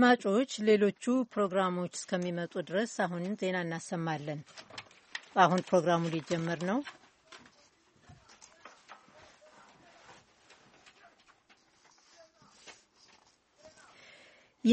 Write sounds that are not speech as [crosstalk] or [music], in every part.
አድማጮች፣ ሌሎቹ ፕሮግራሞች እስከሚመጡ ድረስ አሁን ዜና እናሰማለን። አሁን ፕሮግራሙ ሊጀመር ነው።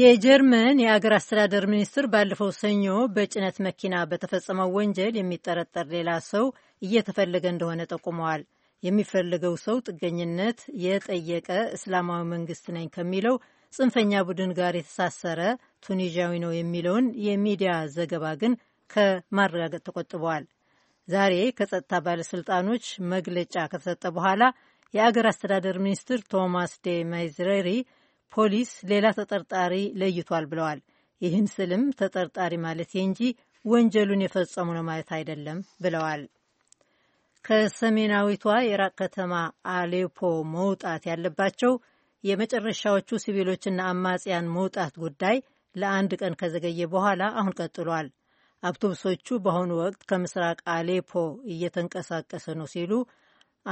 የጀርመን የአገር አስተዳደር ሚኒስትር ባለፈው ሰኞ በጭነት መኪና በተፈጸመው ወንጀል የሚጠረጠር ሌላ ሰው እየተፈለገ እንደሆነ ጠቁመዋል። የሚፈልገው ሰው ጥገኝነት የጠየቀ እስላማዊ መንግስት ነኝ ከሚለው ጽንፈኛ ቡድን ጋር የተሳሰረ ቱኒዥያዊ ነው የሚለውን የሚዲያ ዘገባ ግን ከማረጋገጥ ተቆጥበዋል። ዛሬ ከጸጥታ ባለሥልጣኖች መግለጫ ከተሰጠ በኋላ የአገር አስተዳደር ሚኒስትር ቶማስ ዴ ማይዝሬሪ ፖሊስ ሌላ ተጠርጣሪ ለይቷል ብለዋል። ይህን ስልም ተጠርጣሪ ማለት እንጂ ወንጀሉን የፈጸሙ ነው ማለት አይደለም ብለዋል። ከሰሜናዊቷ የኢራቅ ከተማ አሌፖ መውጣት ያለባቸው የመጨረሻዎቹ ሲቪሎችና አማጽያን መውጣት ጉዳይ ለአንድ ቀን ከዘገየ በኋላ አሁን ቀጥሏል። አውቶቡሶቹ በአሁኑ ወቅት ከምስራቅ አሌፖ እየተንቀሳቀሰ ነው ሲሉ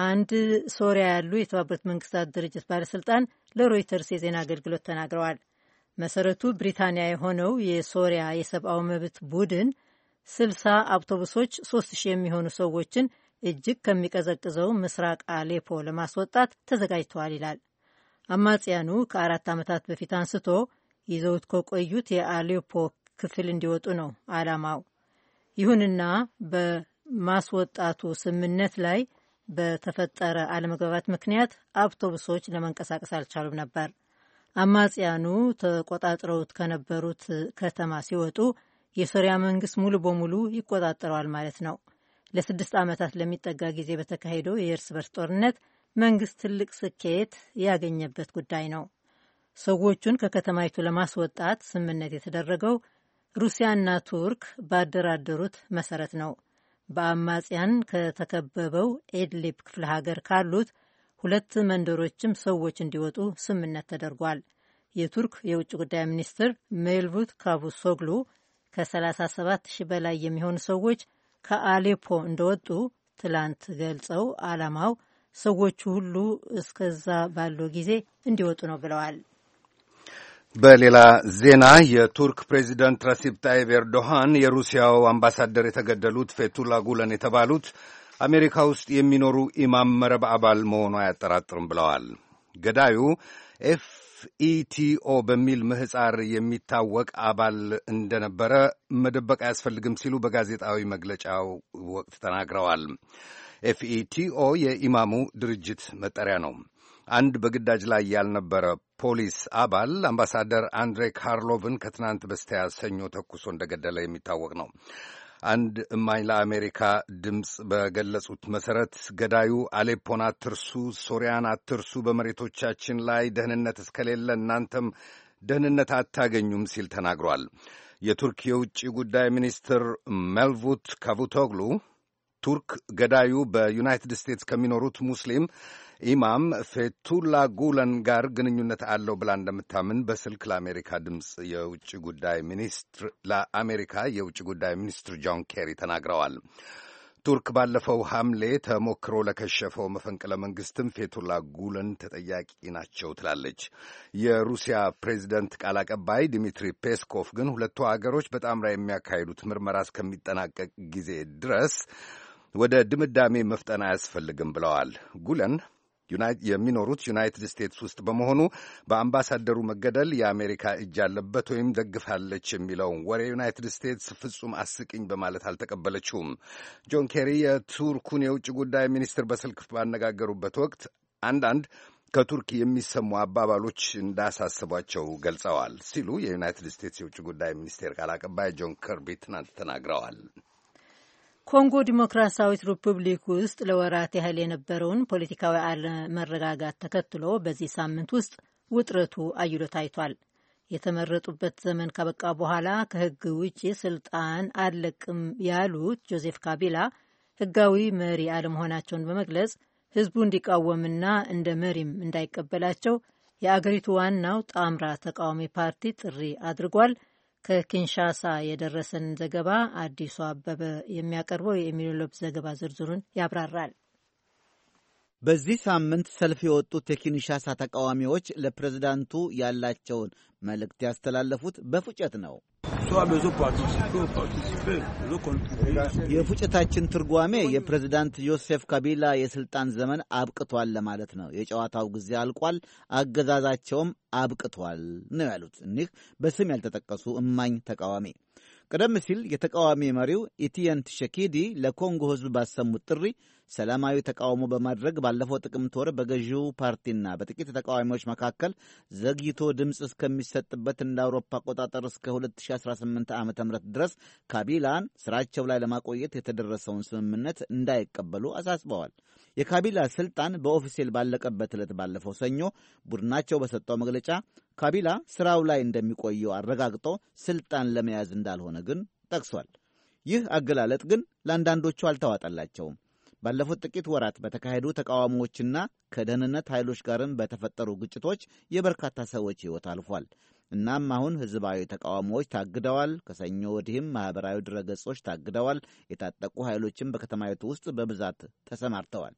አንድ ሶሪያ ያሉ የተባበሩት መንግስታት ድርጅት ባለስልጣን ለሮይተርስ የዜና አገልግሎት ተናግረዋል። መሰረቱ ብሪታንያ የሆነው የሶሪያ የሰብአዊ መብት ቡድን ስልሳ አውቶቡሶች ሶስት ሺህ የሚሆኑ ሰዎችን እጅግ ከሚቀዘቅዘው ምስራቅ አሌፖ ለማስወጣት ተዘጋጅተዋል ይላል። አማጽያኑ ከአራት ዓመታት በፊት አንስቶ ይዘውት ከቆዩት የአሌፖ ክፍል እንዲወጡ ነው ዓላማው። ይሁንና በማስወጣቱ ስምምነት ላይ በተፈጠረ አለመግባባት ምክንያት አውቶቡሶች ለመንቀሳቀስ አልቻሉም ነበር። አማጽያኑ ተቆጣጥረውት ከነበሩት ከተማ ሲወጡ የሶሪያ መንግስት ሙሉ በሙሉ ይቆጣጠረዋል ማለት ነው። ለስድስት ዓመታት ለሚጠጋ ጊዜ በተካሄደው የእርስ በርስ ጦርነት መንግስት ትልቅ ስኬት ያገኘበት ጉዳይ ነው። ሰዎቹን ከከተማይቱ ለማስወጣት ስምምነት የተደረገው ሩሲያና ቱርክ ባደራደሩት መሰረት ነው። በአማጽያን ከተከበበው ኤድሊብ ክፍለ ሀገር ካሉት ሁለት መንደሮችም ሰዎች እንዲወጡ ስምምነት ተደርጓል። የቱርክ የውጭ ጉዳይ ሚኒስትር ሜቭሉት ካቡሶግሉ ከ37 ሺህ በላይ የሚሆኑ ሰዎች ከአሌፖ እንደወጡ ትላንት ገልጸው ዓላማው ሰዎቹ ሁሉ እስከዛ ባለው ጊዜ እንዲወጡ ነው ብለዋል። በሌላ ዜና የቱርክ ፕሬዚደንት ረሲብ ጣይብ ኤርዶሃን የሩሲያው አምባሳደር የተገደሉት ፌቱላ ጉለን የተባሉት አሜሪካ ውስጥ የሚኖሩ ኢማም መረብ አባል መሆኑ አያጠራጥርም ብለዋል። ገዳዩ ኤፍኢቲኦ በሚል ምህፃር የሚታወቅ አባል እንደነበረ መደበቅ አያስፈልግም ሲሉ በጋዜጣዊ መግለጫው ወቅት ተናግረዋል። ኤፍኢቲኦ የኢማሙ ድርጅት መጠሪያ ነው። አንድ በግዳጅ ላይ ያልነበረ ፖሊስ አባል አምባሳደር አንድሬ ካርሎቭን ከትናንት በስቲያ ሰኞ ተኩሶ እንደገደለ የሚታወቅ ነው። አንድ እማኝ ለአሜሪካ ድምፅ በገለጹት መሰረት ገዳዩ አሌፖን አትርሱ፣ ሶሪያን አትርሱ፣ በመሬቶቻችን ላይ ደህንነት እስከሌለ እናንተም ደህንነት አታገኙም ሲል ተናግሯል። የቱርክ የውጭ ጉዳይ ሚኒስትር መልቡት ካቡቶግሉ ቱርክ ገዳዩ በዩናይትድ ስቴትስ ከሚኖሩት ሙስሊም ኢማም ፌቱላ ጉለን ጋር ግንኙነት አለው ብላ እንደምታምን በስልክ ለአሜሪካ ድምፅ የውጭ ጉዳይ ሚኒስትር ለአሜሪካ የውጭ ጉዳይ ሚኒስትር ጆን ኬሪ ተናግረዋል። ቱርክ ባለፈው ሐምሌ ተሞክሮ ለከሸፈው መፈንቅለ መንግስትም ፌቱላ ጉለን ተጠያቂ ናቸው ትላለች። የሩሲያ ፕሬዚደንት ቃል አቀባይ ዲሚትሪ ፔስኮቭ ግን ሁለቱ አገሮች በጣምራ የሚያካሂዱት ምርመራ እስከሚጠናቀቅ ጊዜ ድረስ ወደ ድምዳሜ መፍጠን አያስፈልግም ብለዋል። ጉለን የሚኖሩት ዩናይትድ ስቴትስ ውስጥ በመሆኑ በአምባሳደሩ መገደል የአሜሪካ እጅ አለበት ወይም ደግፋለች የሚለውን ወሬ ዩናይትድ ስቴትስ ፍጹም አስቂኝ በማለት አልተቀበለችውም። ጆን ኬሪ የቱርኩን የውጭ ጉዳይ ሚኒስትር በስልክ ባነጋገሩበት ወቅት አንዳንድ ከቱርክ የሚሰሙ አባባሎች እንዳሳስቧቸው ገልጸዋል ሲሉ የዩናይትድ ስቴትስ የውጭ ጉዳይ ሚኒስቴር ቃል አቀባይ ጆን ከርቢ ትናንት ተናግረዋል። ኮንጎ ዲሞክራሲያዊት ሪፑብሊክ ውስጥ ለወራት ያህል የነበረውን ፖለቲካዊ አለመረጋጋት ተከትሎ በዚህ ሳምንት ውስጥ ውጥረቱ አይሎ ታይቷል። የተመረጡበት ዘመን ካበቃ በኋላ ከህግ ውጪ ስልጣን አልለቅም ያሉት ጆዜፍ ካቢላ ህጋዊ መሪ አለመሆናቸውን በመግለጽ ህዝቡ እንዲቃወምና እንደ መሪም እንዳይቀበላቸው የአገሪቱ ዋናው ጣምራ ተቃዋሚ ፓርቲ ጥሪ አድርጓል። ከኪንሻሳ የደረሰን ዘገባ አዲሱ አበበ የሚያቀርበው የኤሚሊ ሎፕ ዘገባ ዝርዝሩን ያብራራል። በዚህ ሳምንት ሰልፍ የወጡት የኪንሻሳ ተቃዋሚዎች ለፕሬዝዳንቱ ያላቸውን መልእክት ያስተላለፉት በፉጨት ነው። የፉጨታችን ትርጓሜ የፕሬዝዳንት ዮሴፍ ካቢላ የሥልጣን ዘመን አብቅቷል ለማለት ነው። የጨዋታው ጊዜ አልቋል፣ አገዛዛቸውም አብቅቷል ነው ያሉት እኒህ በስም ያልተጠቀሱ እማኝ ተቃዋሚ። ቀደም ሲል የተቃዋሚ መሪው ኢቲየን ትሸኪዲ ለኮንጎ ሕዝብ ባሰሙት ጥሪ ሰላማዊ ተቃውሞ በማድረግ ባለፈው ጥቅምት ወር በገዢው ፓርቲና በጥቂት ተቃዋሚዎች መካከል ዘግይቶ ድምፅ እስከሚሰጥበት እንደ አውሮፓ አቆጣጠር እስከ 2018 ዓ ም ድረስ ካቢላን ስራቸው ላይ ለማቆየት የተደረሰውን ስምምነት እንዳይቀበሉ አሳስበዋል። የካቢላ ስልጣን በኦፊሴል ባለቀበት ዕለት ባለፈው ሰኞ ቡድናቸው በሰጠው መግለጫ ካቢላ ስራው ላይ እንደሚቆየው አረጋግጦ ስልጣን ለመያዝ እንዳልሆነ ግን ጠቅሷል። ይህ አገላለጥ ግን ለአንዳንዶቹ አልተዋጠላቸውም። ባለፉት ጥቂት ወራት በተካሄዱ ተቃዋሚዎችና ከደህንነት ኃይሎች ጋርም በተፈጠሩ ግጭቶች የበርካታ ሰዎች ሕይወት አልፏል። እናም አሁን ህዝባዊ ተቃዋሚዎች ታግደዋል። ከሰኞ ወዲህም ማኅበራዊ ድረገጾች ታግደዋል። የታጠቁ ኃይሎችም በከተማይቱ ውስጥ በብዛት ተሰማርተዋል።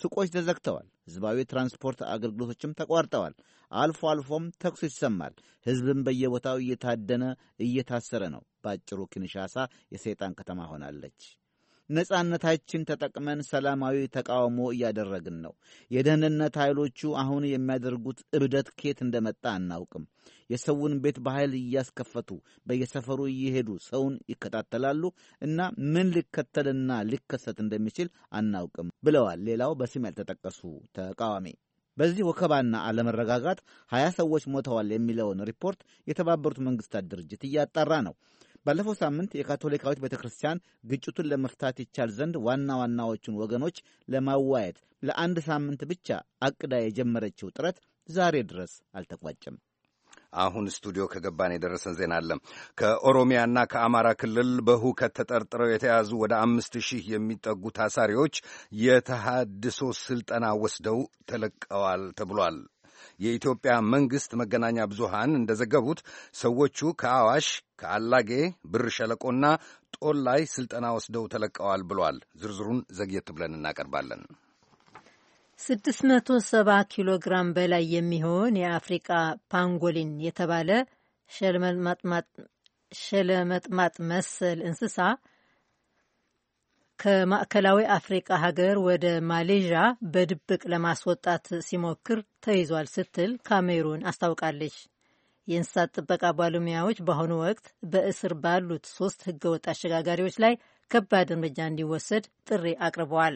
ሱቆች ተዘግተዋል። ህዝባዊ ትራንስፖርት አገልግሎቶችም ተቋርጠዋል። አልፎ አልፎም ተኩስ ይሰማል። ህዝብም በየቦታው እየታደነ እየታሰረ ነው። በአጭሩ ኪንሻሳ የሰይጣን ከተማ ሆናለች። ነጻነታችን ተጠቅመን ሰላማዊ ተቃውሞ እያደረግን ነው። የደህንነት ኃይሎቹ አሁን የሚያደርጉት እብደት ኬት እንደመጣ አናውቅም። የሰውን ቤት በኃይል እያስከፈቱ በየሰፈሩ እየሄዱ ሰውን ይከታተላሉ እና ምን ሊከተልና ሊከሰት እንደሚችል አናውቅም ብለዋል። ሌላው በስም ያልተጠቀሱ ተቃዋሚ በዚህ ወከባና አለመረጋጋት ሀያ ሰዎች ሞተዋል የሚለውን ሪፖርት የተባበሩት መንግስታት ድርጅት እያጣራ ነው። ባለፈው ሳምንት የካቶሊካዊት ቤተ ክርስቲያን ግጭቱን ለመፍታት ይቻል ዘንድ ዋና ዋናዎቹን ወገኖች ለማዋየት ለአንድ ሳምንት ብቻ አቅዳ የጀመረችው ጥረት ዛሬ ድረስ አልተቋጨም። አሁን ስቱዲዮ ከገባን የደረሰን ዜና አለም ከኦሮሚያና ከአማራ ክልል በሁከት ተጠርጥረው የተያዙ ወደ አምስት ሺህ የሚጠጉ ታሳሪዎች የተሃድሶ ስልጠና ወስደው ተለቀዋል ተብሏል። የኢትዮጵያ መንግሥት መገናኛ ብዙሃን እንደዘገቡት ሰዎቹ ከአዋሽ ከአላጌ ብር ሸለቆና ጦል ላይ ሥልጠና ወስደው ተለቀዋል ብሏል። ዝርዝሩን ዘግየት ብለን እናቀርባለን። 670 ኪሎ ግራም በላይ የሚሆን የአፍሪቃ ፓንጎሊን የተባለ ሸለመጥማጥ መሰል እንስሳ ከማዕከላዊ አፍሪቃ ሀገር ወደ ማሌዥያ በድብቅ ለማስወጣት ሲሞክር ተይዟል ስትል ካሜሩን አስታውቃለች። የእንስሳት ጥበቃ ባለሙያዎች በአሁኑ ወቅት በእስር ባሉት ሶስት ህገወጥ አሸጋጋሪዎች ላይ ከባድ እርምጃ እንዲወሰድ ጥሪ አቅርበዋል።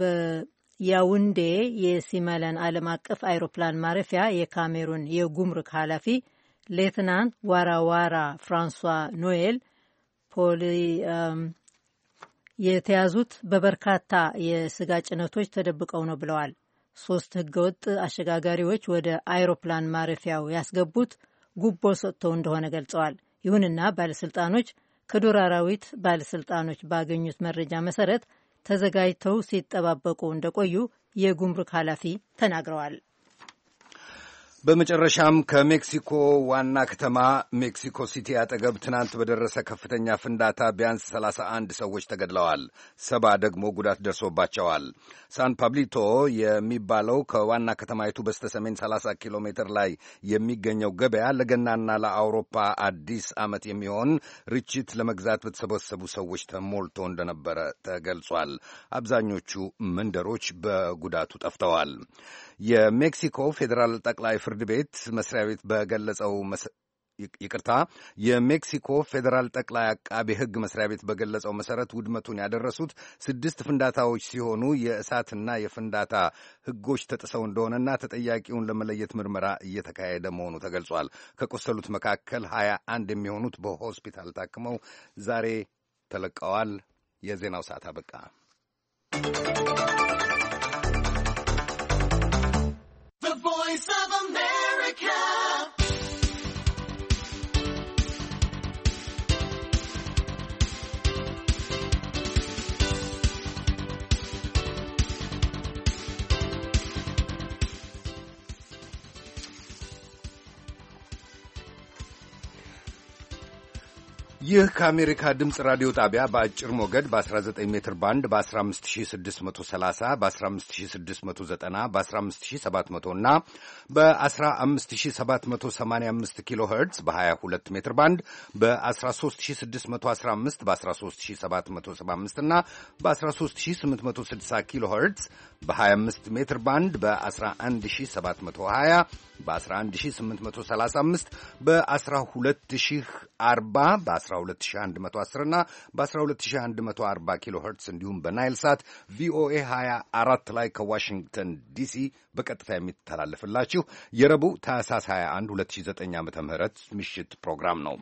በያውንዴ የሲማላን ዓለም አቀፍ አይሮፕላን ማረፊያ የካሜሩን የጉምሩክ ኃላፊ ሌትናንት ዋራዋራ ፍራንሷ ኖኤል የተያዙት በበርካታ የስጋ ጭነቶች ተደብቀው ነው ብለዋል። ሶስት ህገወጥ አሸጋጋሪዎች ወደ አይሮፕላን ማረፊያው ያስገቡት ጉቦ ሰጥተው እንደሆነ ገልጸዋል። ይሁንና ባለስልጣኖች ከዱር አራዊት ባለስልጣኖች ባገኙት መረጃ መሰረት ተዘጋጅተው ሲጠባበቁ እንደቆዩ የጉምሩክ ኃላፊ ተናግረዋል። በመጨረሻም ከሜክሲኮ ዋና ከተማ ሜክሲኮ ሲቲ አጠገብ ትናንት በደረሰ ከፍተኛ ፍንዳታ ቢያንስ 31 አንድ ሰዎች ተገድለዋል፣ ሰባ ደግሞ ጉዳት ደርሶባቸዋል። ሳን ፓብሊቶ የሚባለው ከዋና ከተማይቱ በስተ ሰሜን 30 ኪሎ ሜትር ላይ የሚገኘው ገበያ ለገናና ለአውሮፓ አዲስ ዓመት የሚሆን ርችት ለመግዛት በተሰበሰቡ ሰዎች ተሞልቶ እንደነበረ ተገልጿል። አብዛኞቹ መንደሮች በጉዳቱ ጠፍተዋል። የሜክሲኮ ፌዴራል ጠቅላይ ፍርድ ቤት መስሪያ ቤት በገለጸው ይቅርታ የሜክሲኮ ፌዴራል ጠቅላይ አቃቤ ሕግ መስሪያ ቤት በገለጸው መሰረት ውድመቱን ያደረሱት ስድስት ፍንዳታዎች ሲሆኑ የእሳትና የፍንዳታ ሕጎች ተጥሰው እንደሆነና ተጠያቂውን ለመለየት ምርመራ እየተካሄደ መሆኑ ተገልጿል። ከቆሰሉት መካከል ሀያ አንድ የሚሆኑት በሆስፒታል ታክመው ዛሬ ተለቀዋል። የዜናው ሰዓት አበቃ። ይህ ከአሜሪካ ድምፅ ራዲዮ ጣቢያ በአጭር ሞገድ በ19 ሜትር ባንድ በ15630 በ15690 በ15700 እና በ15785 ኪሎ ኸርትዝ በ22 ሜትር ባንድ በ13615 በ13775 እና በ13860 ኪሎ ኸርትዝ በ25 ሜትር ባንድ በ11720 በ11835 በ12040 በ12110 እና በ12140 ኪሎ ሄርትስ እንዲሁም በናይል ሳት ቪኦኤ 24 ላይ ከዋሽንግተን ዲሲ በቀጥታ የሚተላለፍላችሁ የረቡዕ ታህሳስ 21 2009 ዓ ም ምሽት ፕሮግራም ነው።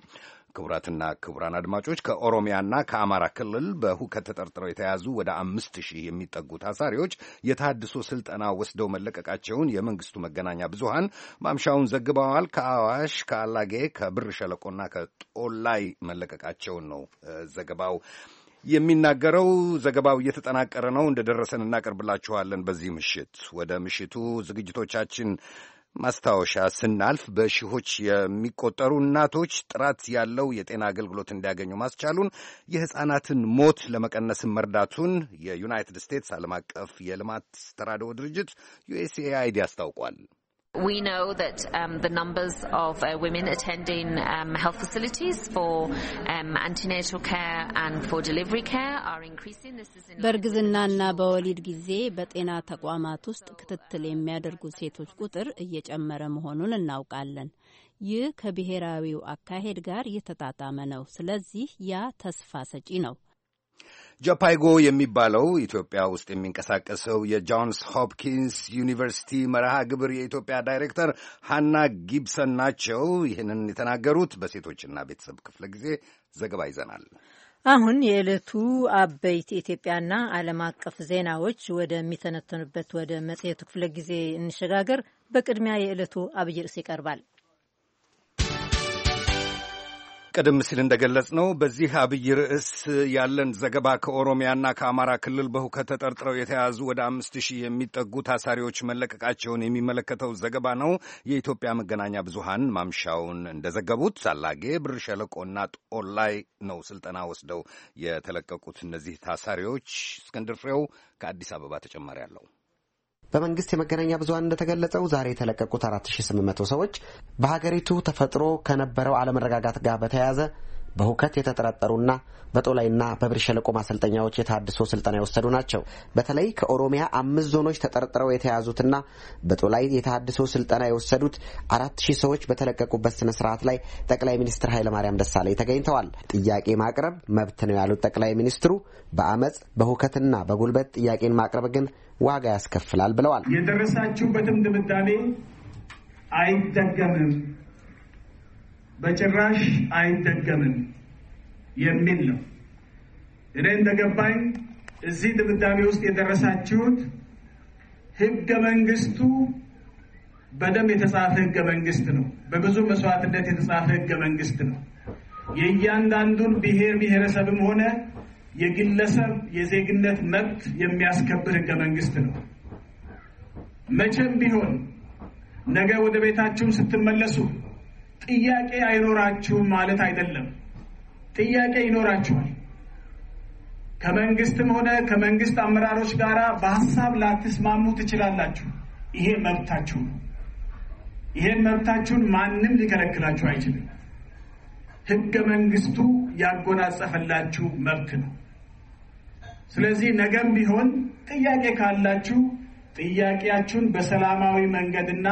ክቡራትና ክቡራን አድማጮች ከኦሮሚያና ከአማራ ክልል በሁከት ተጠርጥረው የተያዙ ወደ አምስት ሺህ የሚጠጉ ታሳሪዎች የታድሶ ስልጠና ወስደው መለቀቃቸውን የመንግስቱ መገናኛ ብዙሃን ማምሻውን ዘግበዋል። ከአዋሽ፣ ከአላጌ፣ ከብር ሸለቆና ከጦላይ መለቀቃቸውን ነው ዘገባው የሚናገረው ዘገባው እየተጠናቀረ ነው። እንደደረሰን እናቀርብላችኋለን። በዚህ ምሽት ወደ ምሽቱ ዝግጅቶቻችን ማስታወሻ ስናልፍ በሺዎች የሚቆጠሩ እናቶች ጥራት ያለው የጤና አገልግሎት እንዲያገኙ ማስቻሉን የሕፃናትን ሞት ለመቀነስም መርዳቱን የዩናይትድ ስቴትስ ዓለም አቀፍ የልማት ተራድኦ ድርጅት ዩኤስኤአይዲ አስታውቋል። We know that um, the numbers of uh, women attending um, health facilities for um, antenatal care and for delivery care are increasing. This is in በእርግዝናና በወሊድ ጊዜ በጤና ተቋማት ውስጥ ክትትል የሚያደርጉ ሴቶች ቁጥር እየጨመረ መሆኑን እናውቃለን። ይህ ከብሔራዊው አካሄድ ጋር የተጣጣመ ነው። ስለዚህ ያ ተስፋ ሰጪ ነው። ጃፓይጎ የሚባለው ኢትዮጵያ ውስጥ የሚንቀሳቀሰው የጆንስ ሆፕኪንስ ዩኒቨርሲቲ መርሃ ግብር የኢትዮጵያ ዳይሬክተር ሃና ጊብሰን ናቸው። ይህንን የተናገሩት በሴቶችና ቤተሰብ ክፍለ ጊዜ ዘገባ ይዘናል። አሁን የዕለቱ አበይት የኢትዮጵያና ዓለም አቀፍ ዜናዎች ወደሚተነተኑበት ወደ መጽሔቱ ክፍለ ጊዜ እንሸጋገር። በቅድሚያ የዕለቱ አብይ ርዕስ ይቀርባል። ቀደም ሲል እንደገለጽ ነው በዚህ አብይ ርዕስ ያለን ዘገባ ከኦሮሚያና ከአማራ ክልል በሁከት ተጠርጥረው የተያዙ ወደ አምስት ሺህ የሚጠጉ ታሳሪዎች መለቀቃቸውን የሚመለከተው ዘገባ ነው። የኢትዮጵያ መገናኛ ብዙሃን ማምሻውን እንደዘገቡት አላጌ፣ ብር ሸለቆና ጦር ላይ ነው ስልጠና ወስደው የተለቀቁት እነዚህ ታሳሪዎች። እስክንድር ፍሬው ከአዲስ አበባ ተጨማሪ አለው። በመንግስት የመገናኛ ብዙሀን እንደተገለጸው ዛሬ የተለቀቁት አራት መቶ ሰዎች በሀገሪቱ ተፈጥሮ ከነበረው አለመረጋጋት ጋር በተያያዘ በሁከት የተጠረጠሩና በጦላይና በብር ሸለቆ ማሰልጠኛዎች የታድሶ ስልጠና የወሰዱ ናቸው። በተለይ ከኦሮሚያ አምስት ዞኖች ተጠርጥረው የተያዙትና በጦላይ የታድሶ ስልጠና የወሰዱት አራት ሺህ ሰዎች በተለቀቁበት ስነ ስርዓት ላይ ጠቅላይ ሚኒስትር ኃይለማርያም ደሳለኝ ተገኝተዋል። ጥያቄ ማቅረብ መብት ነው ያሉት ጠቅላይ ሚኒስትሩ በአመፅ በሁከትና በጉልበት ጥያቄን ማቅረብ ግን ዋጋ ያስከፍላል ብለዋል። የደረሳችሁበትም ድምዳሜ አይደገምም፣ በጭራሽ አይደገምም የሚል ነው። እኔ እንደገባኝ እዚህ ድምዳሜ ውስጥ የደረሳችሁት ህገ መንግስቱ በደም የተጻፈ ህገ መንግስት ነው። በብዙ መስዋዕትነት የተጻፈ ህገ መንግስት ነው። የእያንዳንዱን ብሔር ብሔረሰብም ሆነ የግለሰብ የዜግነት መብት የሚያስከብር ህገ መንግስት ነው። መቼም ቢሆን ነገ ወደ ቤታችሁም ስትመለሱ ጥያቄ አይኖራችሁም ማለት አይደለም። ጥያቄ ይኖራችኋል። ከመንግስትም ሆነ ከመንግስት አመራሮች ጋር በሀሳብ ላትስማሙ ትችላላችሁ። ይሄ መብታችሁ ነው። ይሄን መብታችሁን ማንም ሊከለክላችሁ አይችልም። ህገ መንግስቱ ያጎናጸፈላችሁ መብት ነው። ስለዚህ ነገም ቢሆን ጥያቄ ካላችሁ ጥያቄያችሁን በሰላማዊ መንገድና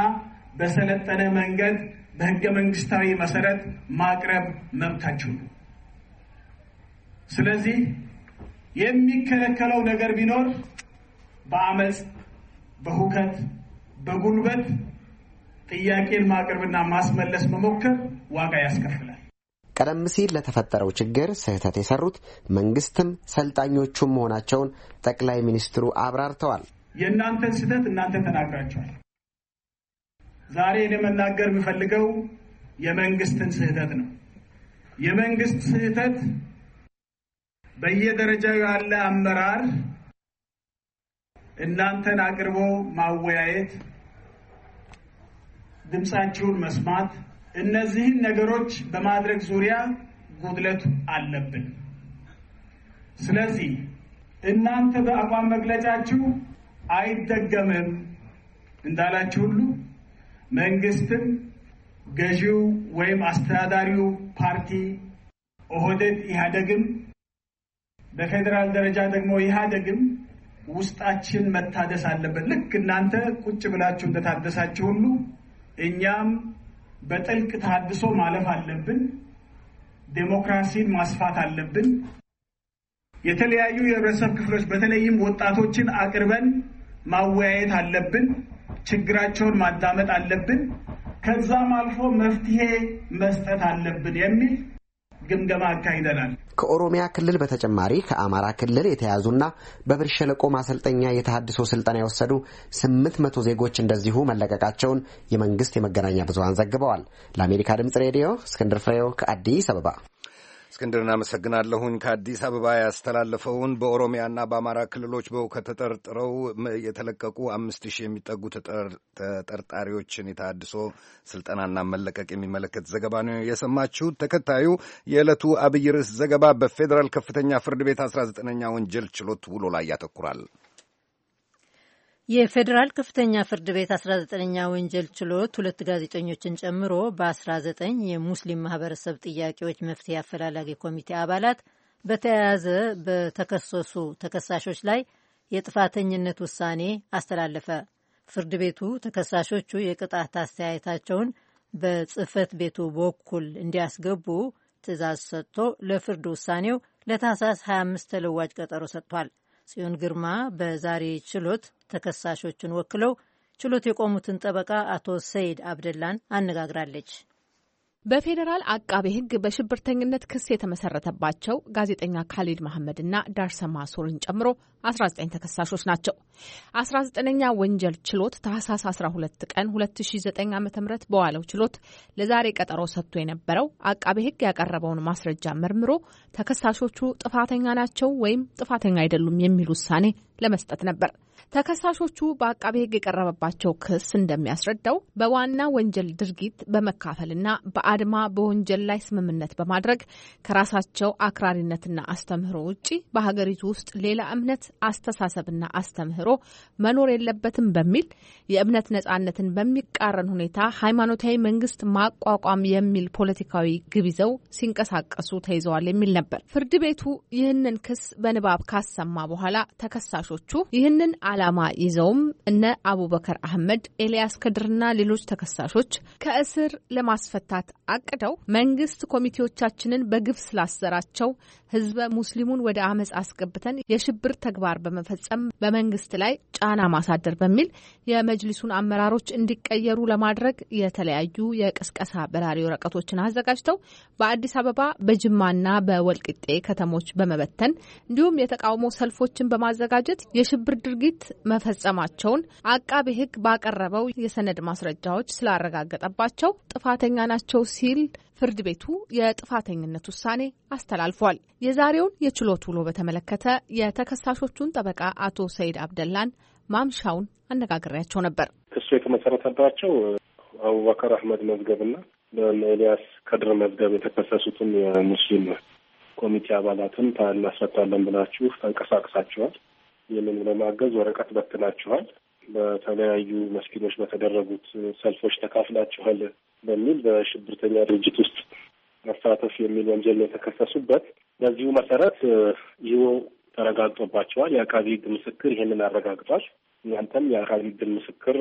በሰለጠነ መንገድ በህገ መንግስታዊ መሰረት ማቅረብ መብታችሁ ነው። ስለዚህ የሚከለከለው ነገር ቢኖር በአመፅ፣ በሁከት፣ በጉልበት ጥያቄን ማቅረብና ማስመለስ መሞከር ዋጋ ያስከፍላል። ቀደም ሲል ለተፈጠረው ችግር ስህተት የሰሩት መንግስትም ሰልጣኞቹም መሆናቸውን ጠቅላይ ሚኒስትሩ አብራርተዋል። የእናንተን ስህተት እናንተ ተናግራቸዋል። ዛሬ እኔ መናገር የምፈልገው የመንግስትን ስህተት ነው። የመንግስት ስህተት በየደረጃው ያለ አመራር እናንተን አቅርቦ ማወያየት፣ ድምፃችሁን መስማት እነዚህን ነገሮች በማድረግ ዙሪያ ጉድለት አለብን። ስለዚህ እናንተ በአቋም መግለጫችሁ አይደገምም እንዳላችሁ ሁሉ መንግስትም ገዢው ወይም አስተዳዳሪው ፓርቲ ኦህዴድ ኢህአደግም በፌዴራል ደረጃ ደግሞ ኢህአደግም ውስጣችን መታደስ አለበት። ልክ እናንተ ቁጭ ብላችሁ እንደታደሳችሁ ሁሉ እኛም በጥልቅ ተሃድሶ ማለፍ አለብን። ዴሞክራሲን ማስፋት አለብን። የተለያዩ የህብረተሰብ ክፍሎች በተለይም ወጣቶችን አቅርበን ማወያየት አለብን። ችግራቸውን ማዳመጥ አለብን። ከዛም አልፎ መፍትሄ መስጠት አለብን የሚል ግምገማ አካሂደናል። ከኦሮሚያ ክልል በተጨማሪ ከአማራ ክልል የተያዙና በብር ሸለቆ ማሰልጠኛ የተሃድሶ ስልጠና የወሰዱ ስምንት መቶ ዜጎች እንደዚሁ መለቀቃቸውን የመንግስት የመገናኛ ብዙሀን ዘግበዋል። ለአሜሪካ ድምጽ ሬዲዮ እስክንድር ፍሬው ከአዲስ አበባ እስክንድር አመሰግናለሁኝ። ከአዲስ አበባ ያስተላለፈውን በኦሮሚያና በአማራ ክልሎች በውከት ተጠርጥረው የተለቀቁ አምስት ሺህ የሚጠጉ ተጠርጣሪዎችን የታድሶ ስልጠናና መለቀቅ የሚመለከት ዘገባ ነው የሰማችሁ። ተከታዩ የዕለቱ አብይ ርዕስ ዘገባ በፌዴራል ከፍተኛ ፍርድ ቤት አስራ ዘጠነኛ ወንጀል ችሎት ውሎ ላይ ያተኩራል። የፌዴራል ከፍተኛ ፍርድ ቤት 19ኛ ወንጀል ችሎት ሁለት ጋዜጠኞችን ጨምሮ በ19 የሙስሊም ማህበረሰብ ጥያቄዎች መፍትሄ አፈላላጊ ኮሚቴ አባላት በተያያዘ በተከሰሱ ተከሳሾች ላይ የጥፋተኝነት ውሳኔ አስተላለፈ። ፍርድ ቤቱ ተከሳሾቹ የቅጣት አስተያየታቸውን በጽህፈት ቤቱ በኩል እንዲያስገቡ ትዕዛዝ ሰጥቶ ለፍርድ ውሳኔው ለታህሳስ 25 ተለዋጭ ቀጠሮ ሰጥቷል። ጽዮን ግርማ በዛሬ ችሎት ተከሳሾቹን ወክለው ችሎት የቆሙትን ጠበቃ አቶ ሰይድ አብደላን አነጋግራለች። በፌዴራል አቃቤ ሕግ በሽብርተኝነት ክስ የተመሰረተባቸው ጋዜጠኛ ካሊድ እና ዳርሰማ ሶርን ጨምሮ 19 ተከሳሾች ናቸው። 19ኛ ወንጀል ችሎት ታህሳስ 12 ቀን 2009 ዓ ም በዋለው ችሎት ለዛሬ ቀጠሮ ሰጥቶ የነበረው አቃቤ ሕግ ያቀረበውን ማስረጃ መርምሮ ተከሳሾቹ ጥፋተኛ ናቸው ወይም ጥፋተኛ አይደሉም የሚል ውሳኔ ለመስጠት ነበር። ተከሳሾቹ በአቃቤ ሕግ የቀረበባቸው ክስ እንደሚያስረዳው በዋና ወንጀል ድርጊት በመካፈልና በአድማ በወንጀል ላይ ስምምነት በማድረግ ከራሳቸው አክራሪነትና አስተምህሮ ውጪ በሀገሪቱ ውስጥ ሌላ እምነት፣ አስተሳሰብና አስተምህሮ መኖር የለበትም በሚል የእምነት ነጻነትን በሚቃረን ሁኔታ ሃይማኖታዊ መንግስት ማቋቋም የሚል ፖለቲካዊ ግብ ይዘው ሲንቀሳቀሱ ተይዘዋል የሚል ነበር። ፍርድ ቤቱ ይህንን ክስ በንባብ ካሰማ በኋላ ተከሳሾቹ ይህንን ዓላማ ይዘውም እነ አቡበከር አህመድ፣ ኤልያስ ከድርና ሌሎች ተከሳሾች ከእስር ለማስፈታት አቅደው መንግስት ኮሚቴዎቻችንን በግፍ ስላሰራቸው ህዝበ ሙስሊሙን ወደ አመፅ አስገብተን የሽብር ተግባር በመፈጸም በመንግስት ላይ ጫና ማሳደር በሚል የመጅሊሱን አመራሮች እንዲቀየሩ ለማድረግ የተለያዩ የቅስቀሳ በራሪ ወረቀቶችን አዘጋጅተው በአዲስ አበባ በጅማና በወልቅጤ ከተሞች በመበተን እንዲሁም የተቃውሞ ሰልፎችን በማዘጋጀት የሽብር ድርጊት ድርጊት መፈጸማቸውን አቃቢ ሕግ ባቀረበው የሰነድ ማስረጃዎች ስላረጋገጠባቸው ጥፋተኛ ናቸው ሲል ፍርድ ቤቱ የጥፋተኝነት ውሳኔ አስተላልፏል። የዛሬውን የችሎት ውሎ በተመለከተ የተከሳሾቹን ጠበቃ አቶ ሰይድ አብደላን ማምሻውን አነጋግሬያቸው ነበር። ክሱ የተመሰረተባቸው አቡበከር አህመድ መዝገብና በኤልያስ ከድር መዝገብ የተከሰሱትን የሙስሊም ኮሚቴ አባላትን እናስፈታለን ብላችሁ ተንቀሳቅሳችኋል ይህንን ለማገዝ ወረቀት በትናችኋል፣ በተለያዩ መስጊዶች በተደረጉት ሰልፎች ተካፍላችኋል በሚል በሽብርተኛ ድርጅት ውስጥ መሳተፍ የሚል ወንጀል ነው የተከሰሱበት። በዚሁ መሰረት ይህ ተረጋግጦባቸዋል። የአቃቢ ሕግ ምስክር ይህንን አረጋግጧል። እናንተም የአቃቢ ሕግን ምስክር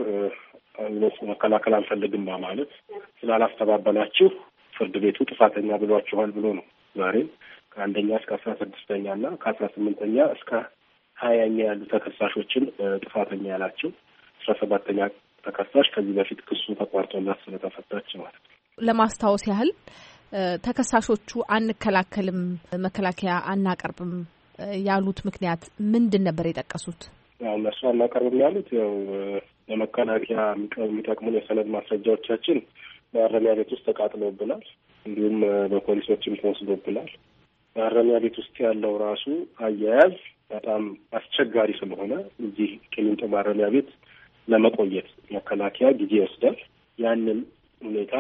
መከላከል አልፈልግም በማለት ስላላስተባበላችሁ ፍርድ ቤቱ ጥፋተኛ ብሏችኋል ብሎ ነው ዛሬም ከአንደኛ እስከ አስራ ስድስተኛ እና ከአስራ ስምንተኛ እስከ ሀያኛ ያሉ ተከሳሾችን ጥፋተኛ ያላቸው አስራ ሰባተኛ ተከሳሽ ከዚህ በፊት ክሱ ተቋርጦና ስለተፈታች ማለት ነው። ለማስታወስ ያህል ተከሳሾቹ አንከላከልም፣ መከላከያ አናቀርብም ያሉት ምክንያት ምንድን ነበር የጠቀሱት? ያው እነሱ አናቀርብም ያሉት ያው ለመከላከያ የሚጠቅሙን የሰነድ ማስረጃዎቻችን በአረሚያ ቤት ውስጥ ተቃጥሎብናል፣ እንዲሁም በፖሊሶችም ተወስዶብናል። ማረሚያ ቤት ውስጥ ያለው ራሱ አያያዝ በጣም አስቸጋሪ ስለሆነ እዚህ ቂሊንጦ ማረሚያ ቤት ለመቆየት መከላከያ ጊዜ ይወስዳል። ያንን ሁኔታ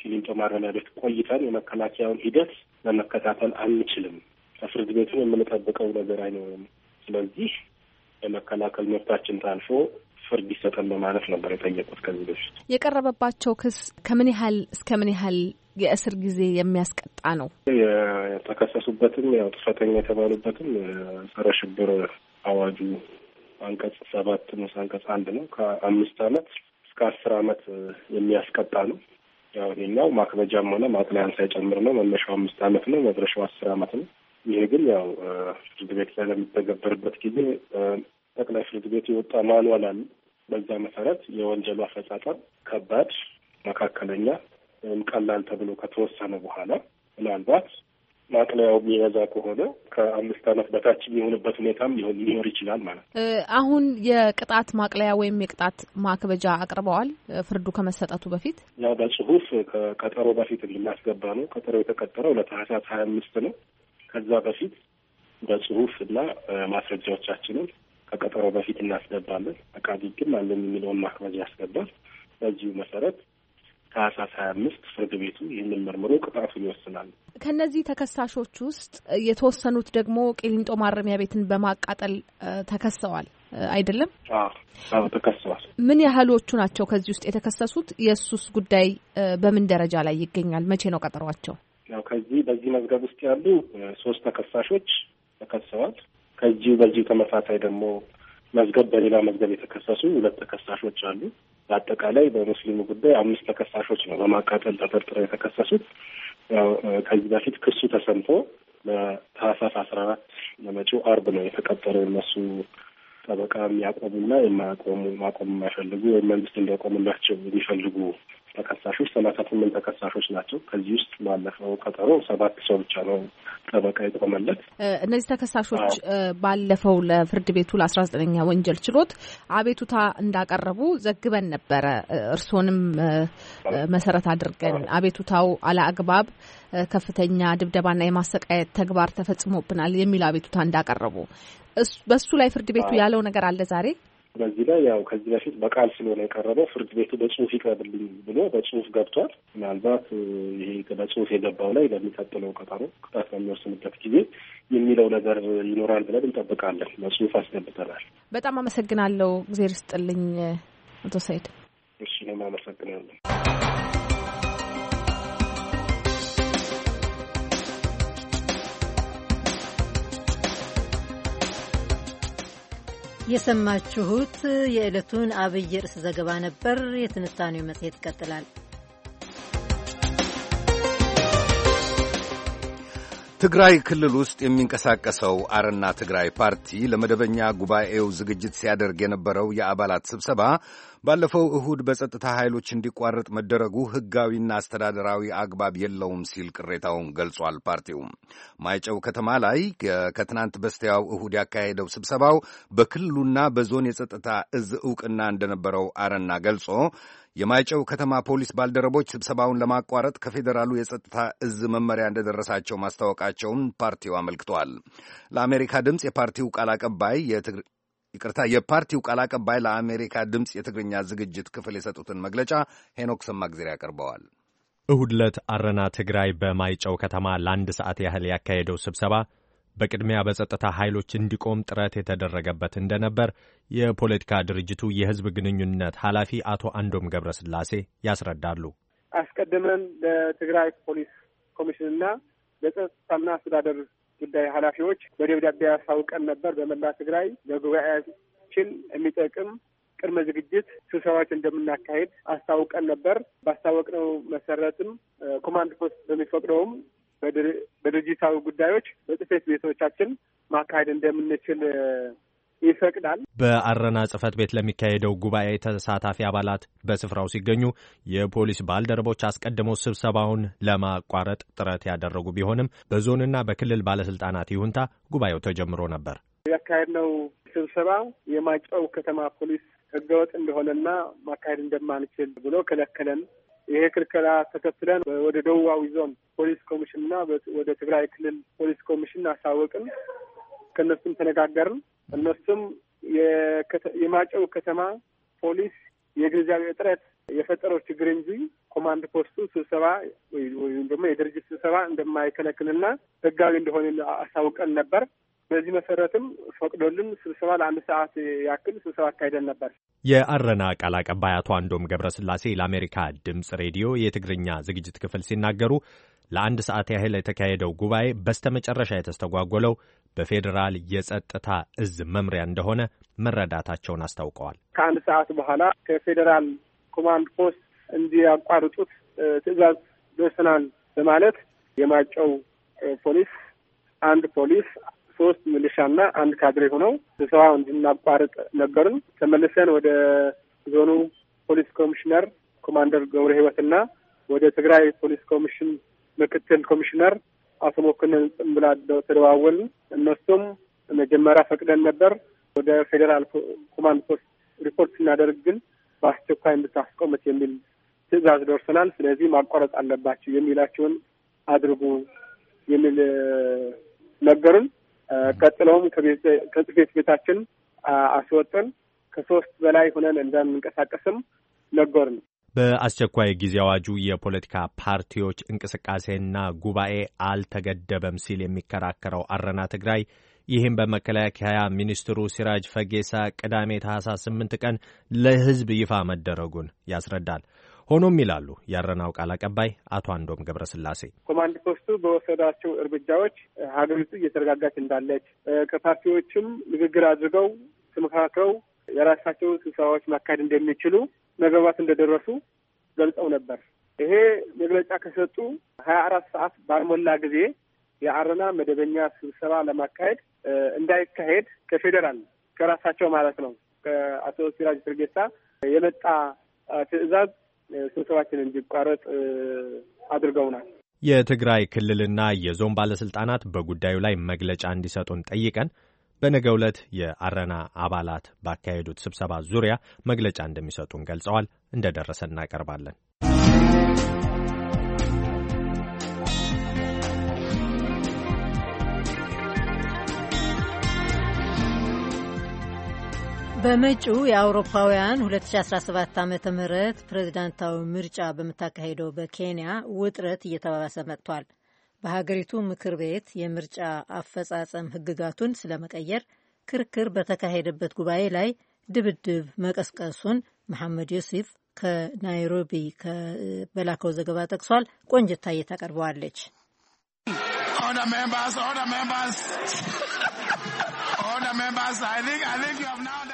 ቂሊንጦ ማረሚያ ቤት ቆይተን የመከላከያውን ሂደት ለመከታተል አንችልም። ከፍርድ ቤቱን የምንጠብቀው ነገር አይኖርም። ስለዚህ የመከላከል መብታችን ታልፎ ፍርድ ይሰጠን በማለት ነበር የጠየቁት። ከዚህ በፊት የቀረበባቸው ክስ ከምን ያህል እስከ ምን ያህል የእስር ጊዜ የሚያስቀጣ ነው። የተከሰሱበትም ያው ጥፋተኛ የተባሉበትም ጸረ ሽብር አዋጁ አንቀጽ ሰባት ንዑስ አንቀጽ አንድ ነው። ከአምስት አመት እስከ አስር ዓመት የሚያስቀጣ ነው። ያው ማክበጃም ሆነ ማጥለያን ሳይጨምር ነው። መነሻው አምስት ዓመት ነው። መድረሻው አስር አመት ነው። ይሄ ግን ያው ፍርድ ቤት ላይ ለሚተገበርበት ጊዜ ጠቅላይ ፍርድ ቤት የወጣ ማንዋል አለ። በዛ መሰረት የወንጀሉ አፈጻጸም ከባድ፣ መካከለኛ፣ ወይም ቀላል ተብሎ ከተወሰነ በኋላ ምናልባት ማቅለያው የሚበዛ ከሆነ ከአምስት ዓመት በታች የሚሆንበት ሁኔታም ሊሆን ሊኖር ይችላል ማለት ነው። አሁን የቅጣት ማቅለያ ወይም የቅጣት ማክበጃ አቅርበዋል። ፍርዱ ከመሰጠቱ በፊት ያው በጽሁፍ ከቀጠሮ በፊት እንድናስገባ ነው። ቀጠሮ የተቀጠረው ለታህሳስ ሀያ አምስት ነው። ከዛ በፊት በጽሁፍ እና ማስረጃዎቻችንን ከቀጠሮ በፊት እናስገባለን። አቃቢ ግን አለን የሚለውን ማክበጃ ያስገባል። በዚሁ መሰረት ታህሳስ ሀያ አምስት ፍርድ ቤቱ ይህንን መርምሮ ቅጣቱን ይወስናል። ከእነዚህ ተከሳሾች ውስጥ የተወሰኑት ደግሞ ቂሊንጦ ማረሚያ ቤትን በማቃጠል ተከሰዋል አይደለም? አዎ ተከሰዋል። ምን ያህሎቹ ናቸው ከዚህ ውስጥ የተከሰሱት? የእሱስ ጉዳይ በምን ደረጃ ላይ ይገኛል? መቼ ነው ቀጠሯቸው? ያው ከዚህ በዚህ መዝገብ ውስጥ ያሉ ሶስት ተከሳሾች ተከሰዋል። ከዚሁ በዚሁ ተመሳሳይ ደግሞ መዝገብ በሌላ መዝገብ የተከሰሱ ሁለት ተከሳሾች አሉ። በአጠቃላይ በሙስሊሙ ጉዳይ አምስት ተከሳሾች ነው በማቃጠል ተጠርጥረው የተከሰሱት። ያው ከዚህ በፊት ክሱ ተሰምቶ ለታህሳስ አስራ አራት ለመጪው አርብ ነው የተቀጠረው። የነሱ ጠበቃ የሚያቆሙና የማያቆሙ ማቆም የማይፈልጉ ወይም መንግስት እንዲያቆምላቸው የሚፈልጉ ተከሳሾች ሰላሳ ስምንት ተከሳሾች ናቸው። ከዚህ ውስጥ ባለፈው ቀጠሮ ሰባት ሰው ብቻ ነው ጠበቃ የቆመለት። እነዚህ ተከሳሾች ባለፈው ለፍርድ ቤቱ ለአስራ ዘጠነኛ ወንጀል ችሎት አቤቱታ እንዳቀረቡ ዘግበን ነበረ። እርስዎንም መሰረት አድርገን አቤቱታው አለአግባብ ከፍተኛ ድብደባና የማሰቃየት ተግባር ተፈጽሞብናል የሚል አቤቱታ እንዳቀረቡ በሱ ላይ ፍርድ ቤቱ ያለው ነገር አለ ዛሬ በዚህ ላይ ያው ከዚህ በፊት በቃል ስለሆነ የቀረበው ፍርድ ቤቱ በጽሁፍ ይቅረብልኝ ብሎ በጽሁፍ ገብቷል። ምናልባት ይሄ በጽሁፍ የገባው ላይ ለሚቀጥለው ቀጠሮ ቅጣት በሚወስንበት ጊዜ የሚለው ነገር ይኖራል ብለን እንጠብቃለን። በጽሁፍ አስገብተናል። በጣም አመሰግናለሁ። እግዜር ይስጥልኝ አቶ ሰይድ። እሺ፣ እኔም አመሰግናለሁ። የሰማችሁት የዕለቱን አብይ ርዕስ ዘገባ ነበር። የትንታኔው መጽሔት ይቀጥላል። ትግራይ ክልል ውስጥ የሚንቀሳቀሰው አረና ትግራይ ፓርቲ ለመደበኛ ጉባኤው ዝግጅት ሲያደርግ የነበረው የአባላት ስብሰባ ባለፈው እሁድ በጸጥታ ኃይሎች እንዲቋረጥ መደረጉ ሕጋዊና አስተዳደራዊ አግባብ የለውም ሲል ቅሬታውን ገልጿል። ፓርቲው ማይጨው ከተማ ላይ ከትናንት በስቲያው እሁድ ያካሄደው ስብሰባው በክልሉና በዞን የጸጥታ እዝ ዕውቅና እንደነበረው አረና ገልጾ የማይጨው ከተማ ፖሊስ ባልደረቦች ስብሰባውን ለማቋረጥ ከፌዴራሉ የጸጥታ እዝ መመሪያ እንደደረሳቸው ማስታወቃቸውን ፓርቲው አመልክቷል። ለአሜሪካ ድምፅ የፓርቲው ቃል አቀባይ ይቅርታ፣ የፓርቲው ቃል አቀባይ ለአሜሪካ ድምፅ የትግርኛ ዝግጅት ክፍል የሰጡትን መግለጫ ሄኖክ ሰማግዜር ያቀርበዋል። እሁድ ዕለት አረና ትግራይ በማይጨው ከተማ ለአንድ ሰዓት ያህል ያካሄደው ስብሰባ በቅድሚያ በጸጥታ ኃይሎች እንዲቆም ጥረት የተደረገበት እንደነበር የፖለቲካ ድርጅቱ የሕዝብ ግንኙነት ኃላፊ አቶ አንዶም ገብረስላሴ ያስረዳሉ። አስቀድመን ለትግራይ ፖሊስ ኮሚሽንና ለጸጥታና አስተዳደር ጉዳይ ኃላፊዎች በደብዳቤ ያሳውቀን ነበር። በመላ ትግራይ ለጉባኤያችን የሚጠቅም ቅድመ ዝግጅት ስብሰባዎች እንደምናካሄድ አስታውቀን ነበር። ባስታወቅነው መሰረትም ኮማንድ ፖስት በሚፈቅደውም በድርጅታዊ ጉዳዮች በጽህፈት ቤቶቻችን ማካሄድ እንደምንችል ይፈቅዳል። በአረና ጽህፈት ቤት ለሚካሄደው ጉባኤ ተሳታፊ አባላት በስፍራው ሲገኙ የፖሊስ ባልደረቦች አስቀድመው ስብሰባውን ለማቋረጥ ጥረት ያደረጉ ቢሆንም በዞንና በክልል ባለስልጣናት ይሁንታ ጉባኤው ተጀምሮ ነበር። ያካሄድነው ስብሰባ የማይጨው ከተማ ፖሊስ ህገወጥ እንደሆነና ማካሄድ እንደማንችል ብሎ ከለከለን። ይሄ ክልከላ ተከትለን ወደ ደቡባዊ ዞን ፖሊስ ኮሚሽንና ወደ ትግራይ ክልል ፖሊስ ኮሚሽን አሳወቅን። ከእነሱም ተነጋገርን። እነሱም የማጨው ከተማ ፖሊስ የግንዛቤ እጥረት የፈጠረው ችግር እንጂ ኮማንድ ፖስቱ ስብሰባ ወይም ደግሞ የድርጅት ስብሰባ እንደማይከለክልና ህጋዊ እንደሆነ አሳውቀን ነበር። በዚህ መሰረትም ፈቅዶልን ስብሰባ ለአንድ ሰዓት ያክል ስብሰባ አካሂደን ነበር። የአረና ቃል አቀባይ አቶ አንዶም ገብረስላሴ ለአሜሪካ ድምፅ ሬዲዮ የትግርኛ ዝግጅት ክፍል ሲናገሩ ለአንድ ሰዓት ያህል የተካሄደው ጉባኤ በስተመጨረሻ የተስተጓጎለው በፌዴራል የጸጥታ እዝ መምሪያ እንደሆነ መረዳታቸውን አስታውቀዋል። ከአንድ ሰዓት በኋላ ከፌዴራል ኮማንድ ፖስት እንዲያቋርጡት ትዕዛዝ ደርሰናል በማለት የማጨው ፖሊስ አንድ ፖሊስ ሶስት ሚሊሻና አንድ ካድሬ ሆነው ስብሰባ እንድናቋርጥ ነገሩን። ተመልሰን ወደ ዞኑ ፖሊስ ኮሚሽነር ኮማንደር ገብረ ሕይወትና ወደ ትግራይ ፖሊስ ኮሚሽን ምክትል ኮሚሽነር አቶ ሞክነን ጽምብላ ተደዋወል። እነሱም መጀመሪያ ፈቅደን ነበር። ወደ ፌዴራል ኮማንድ ፖስት ሪፖርት ስናደርግ ግን በአስቸኳይ እንድታስቆምት የሚል ትዕዛዝ ደርሰናል። ስለዚህ ማቋረጥ አለባቸው የሚላቸውን አድርጉ የሚል ነገሩን ቀጥለውም ከጽፌት ቤታችን አስወጥን ከሶስት በላይ ሆነን እንዳንንቀሳቀስም ነጎርን። በአስቸኳይ ጊዜ አዋጁ የፖለቲካ ፓርቲዎች እንቅስቃሴና ጉባኤ አልተገደበም ሲል የሚከራከረው አረና ትግራይ ይህም በመከላከያ ሚኒስትሩ ሲራጅ ፈጌሳ ቅዳሜ ታህሳስ 8 ቀን ለህዝብ ይፋ መደረጉን ያስረዳል። ሆኖም ይላሉ ያረናው ቃል አቀባይ አቶ አንዶም ገብረስላሴ ኮማንድ ፖስቱ በወሰዳቸው እርምጃዎች ሀገሪቱ እየተረጋጋች እንዳለች ከፓርቲዎችም ንግግር አድርገው ተመካክረው የራሳቸው ስብሰባዎች ማካሄድ እንደሚችሉ መግባባት እንደደረሱ ገልጸው ነበር። ይሄ መግለጫ ከሰጡ ሀያ አራት ሰዓት ባልሞላ ጊዜ የአረና መደበኛ ስብሰባ ለማካሄድ እንዳይካሄድ ከፌዴራል ከራሳቸው ማለት ነው ከአቶ ሲራጅ ትርጌሳ የመጣ ትዕዛዝ ስብሰባችን እንዲቋረጥ አድርገውናል። የትግራይ ክልልና የዞን ባለስልጣናት በጉዳዩ ላይ መግለጫ እንዲሰጡን ጠይቀን በነገ ዕለት የአረና አባላት ባካሄዱት ስብሰባ ዙሪያ መግለጫ እንደሚሰጡን ገልጸዋል። እንደደረሰ እናቀርባለን። በመጪው የአውሮፓውያን 2017 ዓ ም ፕሬዝዳንታዊ ምርጫ በምታካሄደው በኬንያ ውጥረት እየተባባሰ መጥቷል። በሀገሪቱ ምክር ቤት የምርጫ አፈጻጸም ህግጋቱን ስለመቀየር ክርክር በተካሄደበት ጉባኤ ላይ ድብድብ መቀስቀሱን መሐመድ ዮሴፍ ከናይሮቢ በላከው ዘገባ ጠቅሷል። ቆንጅታዬ ታቀርበዋለች። [laughs]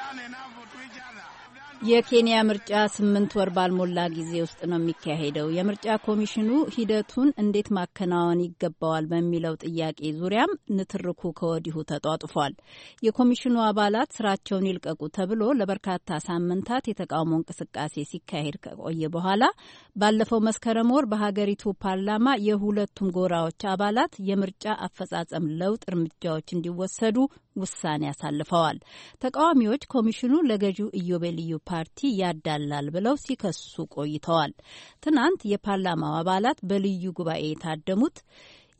የኬንያ ምርጫ ስምንት ወር ባልሞላ ጊዜ ውስጥ ነው የሚካሄደው። የምርጫ ኮሚሽኑ ሂደቱን እንዴት ማከናወን ይገባዋል በሚለው ጥያቄ ዙሪያም ንትርኩ ከወዲሁ ተጧጥፏል። የኮሚሽኑ አባላት ስራቸውን ይልቀቁ ተብሎ ለበርካታ ሳምንታት የተቃውሞ እንቅስቃሴ ሲካሄድ ከቆየ በኋላ ባለፈው መስከረም ወር በሀገሪቱ ፓርላማ የሁለቱም ጎራዎች አባላት የምርጫ አፈጻጸም ለውጥ እርምጃዎች እንዲወሰዱ ውሳኔ አሳልፈዋል። ተቃዋሚዎች ኮሚሽኑ ለገዢው ኢዮቤልዩ ፓርቲ ያዳላል ብለው ሲከሱ ቆይተዋል። ትናንት የፓርላማው አባላት በልዩ ጉባኤ የታደሙት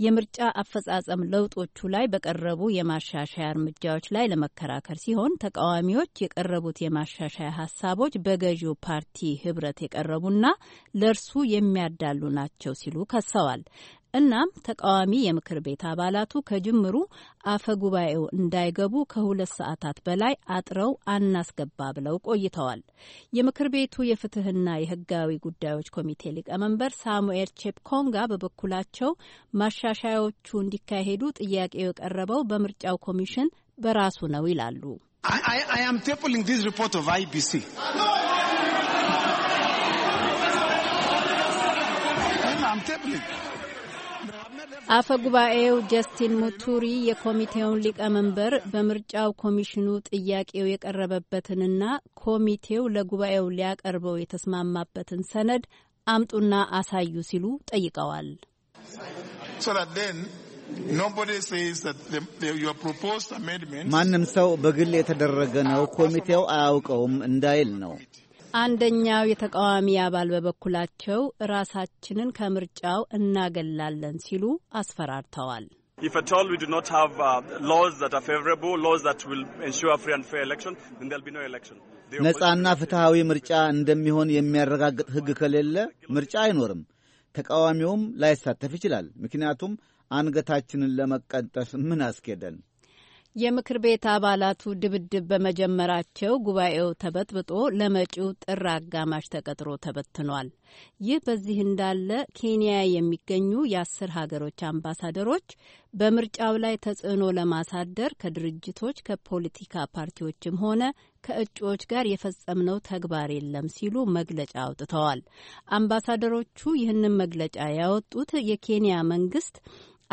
የምርጫ አፈጻጸም ለውጦቹ ላይ በቀረቡ የማሻሻያ እርምጃዎች ላይ ለመከራከር ሲሆን ተቃዋሚዎች የቀረቡት የማሻሻያ ሀሳቦች በገዢው ፓርቲ ህብረት የቀረቡና ለእርሱ የሚያዳሉ ናቸው ሲሉ ከሰዋል። እናም ተቃዋሚ የምክር ቤት አባላቱ ከጅምሩ አፈ ጉባኤው እንዳይገቡ ከሁለት ሰዓታት በላይ አጥረው አናስገባ ብለው ቆይተዋል። የምክር ቤቱ የፍትህና የህጋዊ ጉዳዮች ኮሚቴ ሊቀመንበር ሳሙኤል ቼፕኮንጋ በበኩላቸው ማሻሻያዎቹ እንዲካሄዱ ጥያቄው የቀረበው በምርጫው ኮሚሽን በራሱ ነው ይላሉ። አፈ ጉባኤው ጀስቲን ሙቱሪ የኮሚቴውን ሊቀመንበር በምርጫው ኮሚሽኑ ጥያቄው የቀረበበትንና ኮሚቴው ለጉባኤው ሊያቀርበው የተስማማበትን ሰነድ አምጡና አሳዩ ሲሉ ጠይቀዋል። ማንም ሰው በግል የተደረገ ነው፣ ኮሚቴው አያውቀውም እንዳይል ነው። አንደኛው የተቃዋሚ አባል በበኩላቸው ራሳችንን ከምርጫው እናገላለን ሲሉ አስፈራርተዋል። uh, ነጻና ፍትሐዊ ምርጫ እንደሚሆን የሚያረጋግጥ ሕግ ከሌለ ምርጫ አይኖርም። ተቃዋሚውም ላይሳተፍ ይችላል። ምክንያቱም አንገታችንን ለመቀንጠስ ምን አስኬደን? የምክር ቤት አባላቱ ድብድብ በመጀመራቸው ጉባኤው ተበጥብጦ ለመጪው ጥር አጋማሽ ተቀጥሮ ተበትኗል። ይህ በዚህ እንዳለ ኬንያ የሚገኙ የአስር ሀገሮች አምባሳደሮች በምርጫው ላይ ተጽዕኖ ለማሳደር ከድርጅቶች ከፖለቲካ ፓርቲዎችም ሆነ ከእጩዎች ጋር የፈጸምነው ተግባር የለም ሲሉ መግለጫ አውጥተዋል። አምባሳደሮቹ ይህንን መግለጫ ያወጡት የኬንያ መንግስት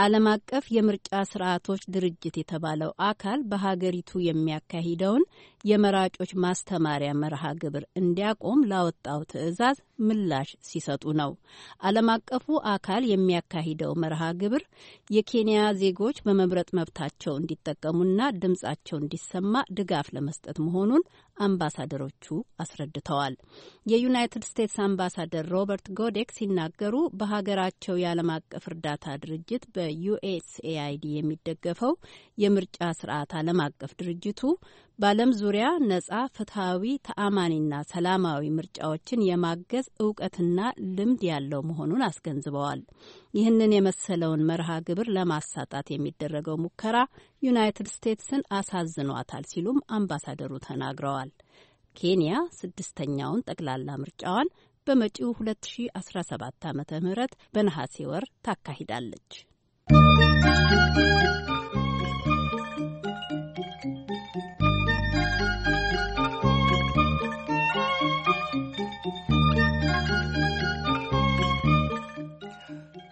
ዓለም አቀፍ የምርጫ ስርዓቶች ድርጅት የተባለው አካል በሀገሪቱ የሚያካሂደውን የመራጮች ማስተማሪያ መርሃ ግብር እንዲያቆም ላወጣው ትዕዛዝ ምላሽ ሲሰጡ ነው። ዓለም አቀፉ አካል የሚያካሂደው መርሃ ግብር የኬንያ ዜጎች በመምረጥ መብታቸው እንዲጠቀሙና ድምጻቸው እንዲሰማ ድጋፍ ለመስጠት መሆኑን አምባሳደሮቹ አስረድተዋል። የዩናይትድ ስቴትስ አምባሳደር ሮበርት ጎዴክ ሲናገሩ በሀገራቸው የዓለም አቀፍ እርዳታ ድርጅት በዩኤስኤአይዲ የሚደገፈው የምርጫ ስርዓት ዓለም አቀፍ ድርጅቱ በዓለም ዙሪያ ነጻ፣ ፍትሐዊ፣ ተአማኒና ሰላማዊ ምርጫዎችን የማገዝ እውቀትና ልምድ ያለው መሆኑን አስገንዝበዋል። ይህንን የመሰለውን መርሃ ግብር ለማሳጣት የሚደረገው ሙከራ ዩናይትድ ስቴትስን አሳዝኗታል ሲሉም አምባሳደሩ ተናግረዋል። ኬንያ ስድስተኛውን ጠቅላላ ምርጫዋን በመጪው 2017 ዓ ም በነሐሴ ወር ታካሂዳለች።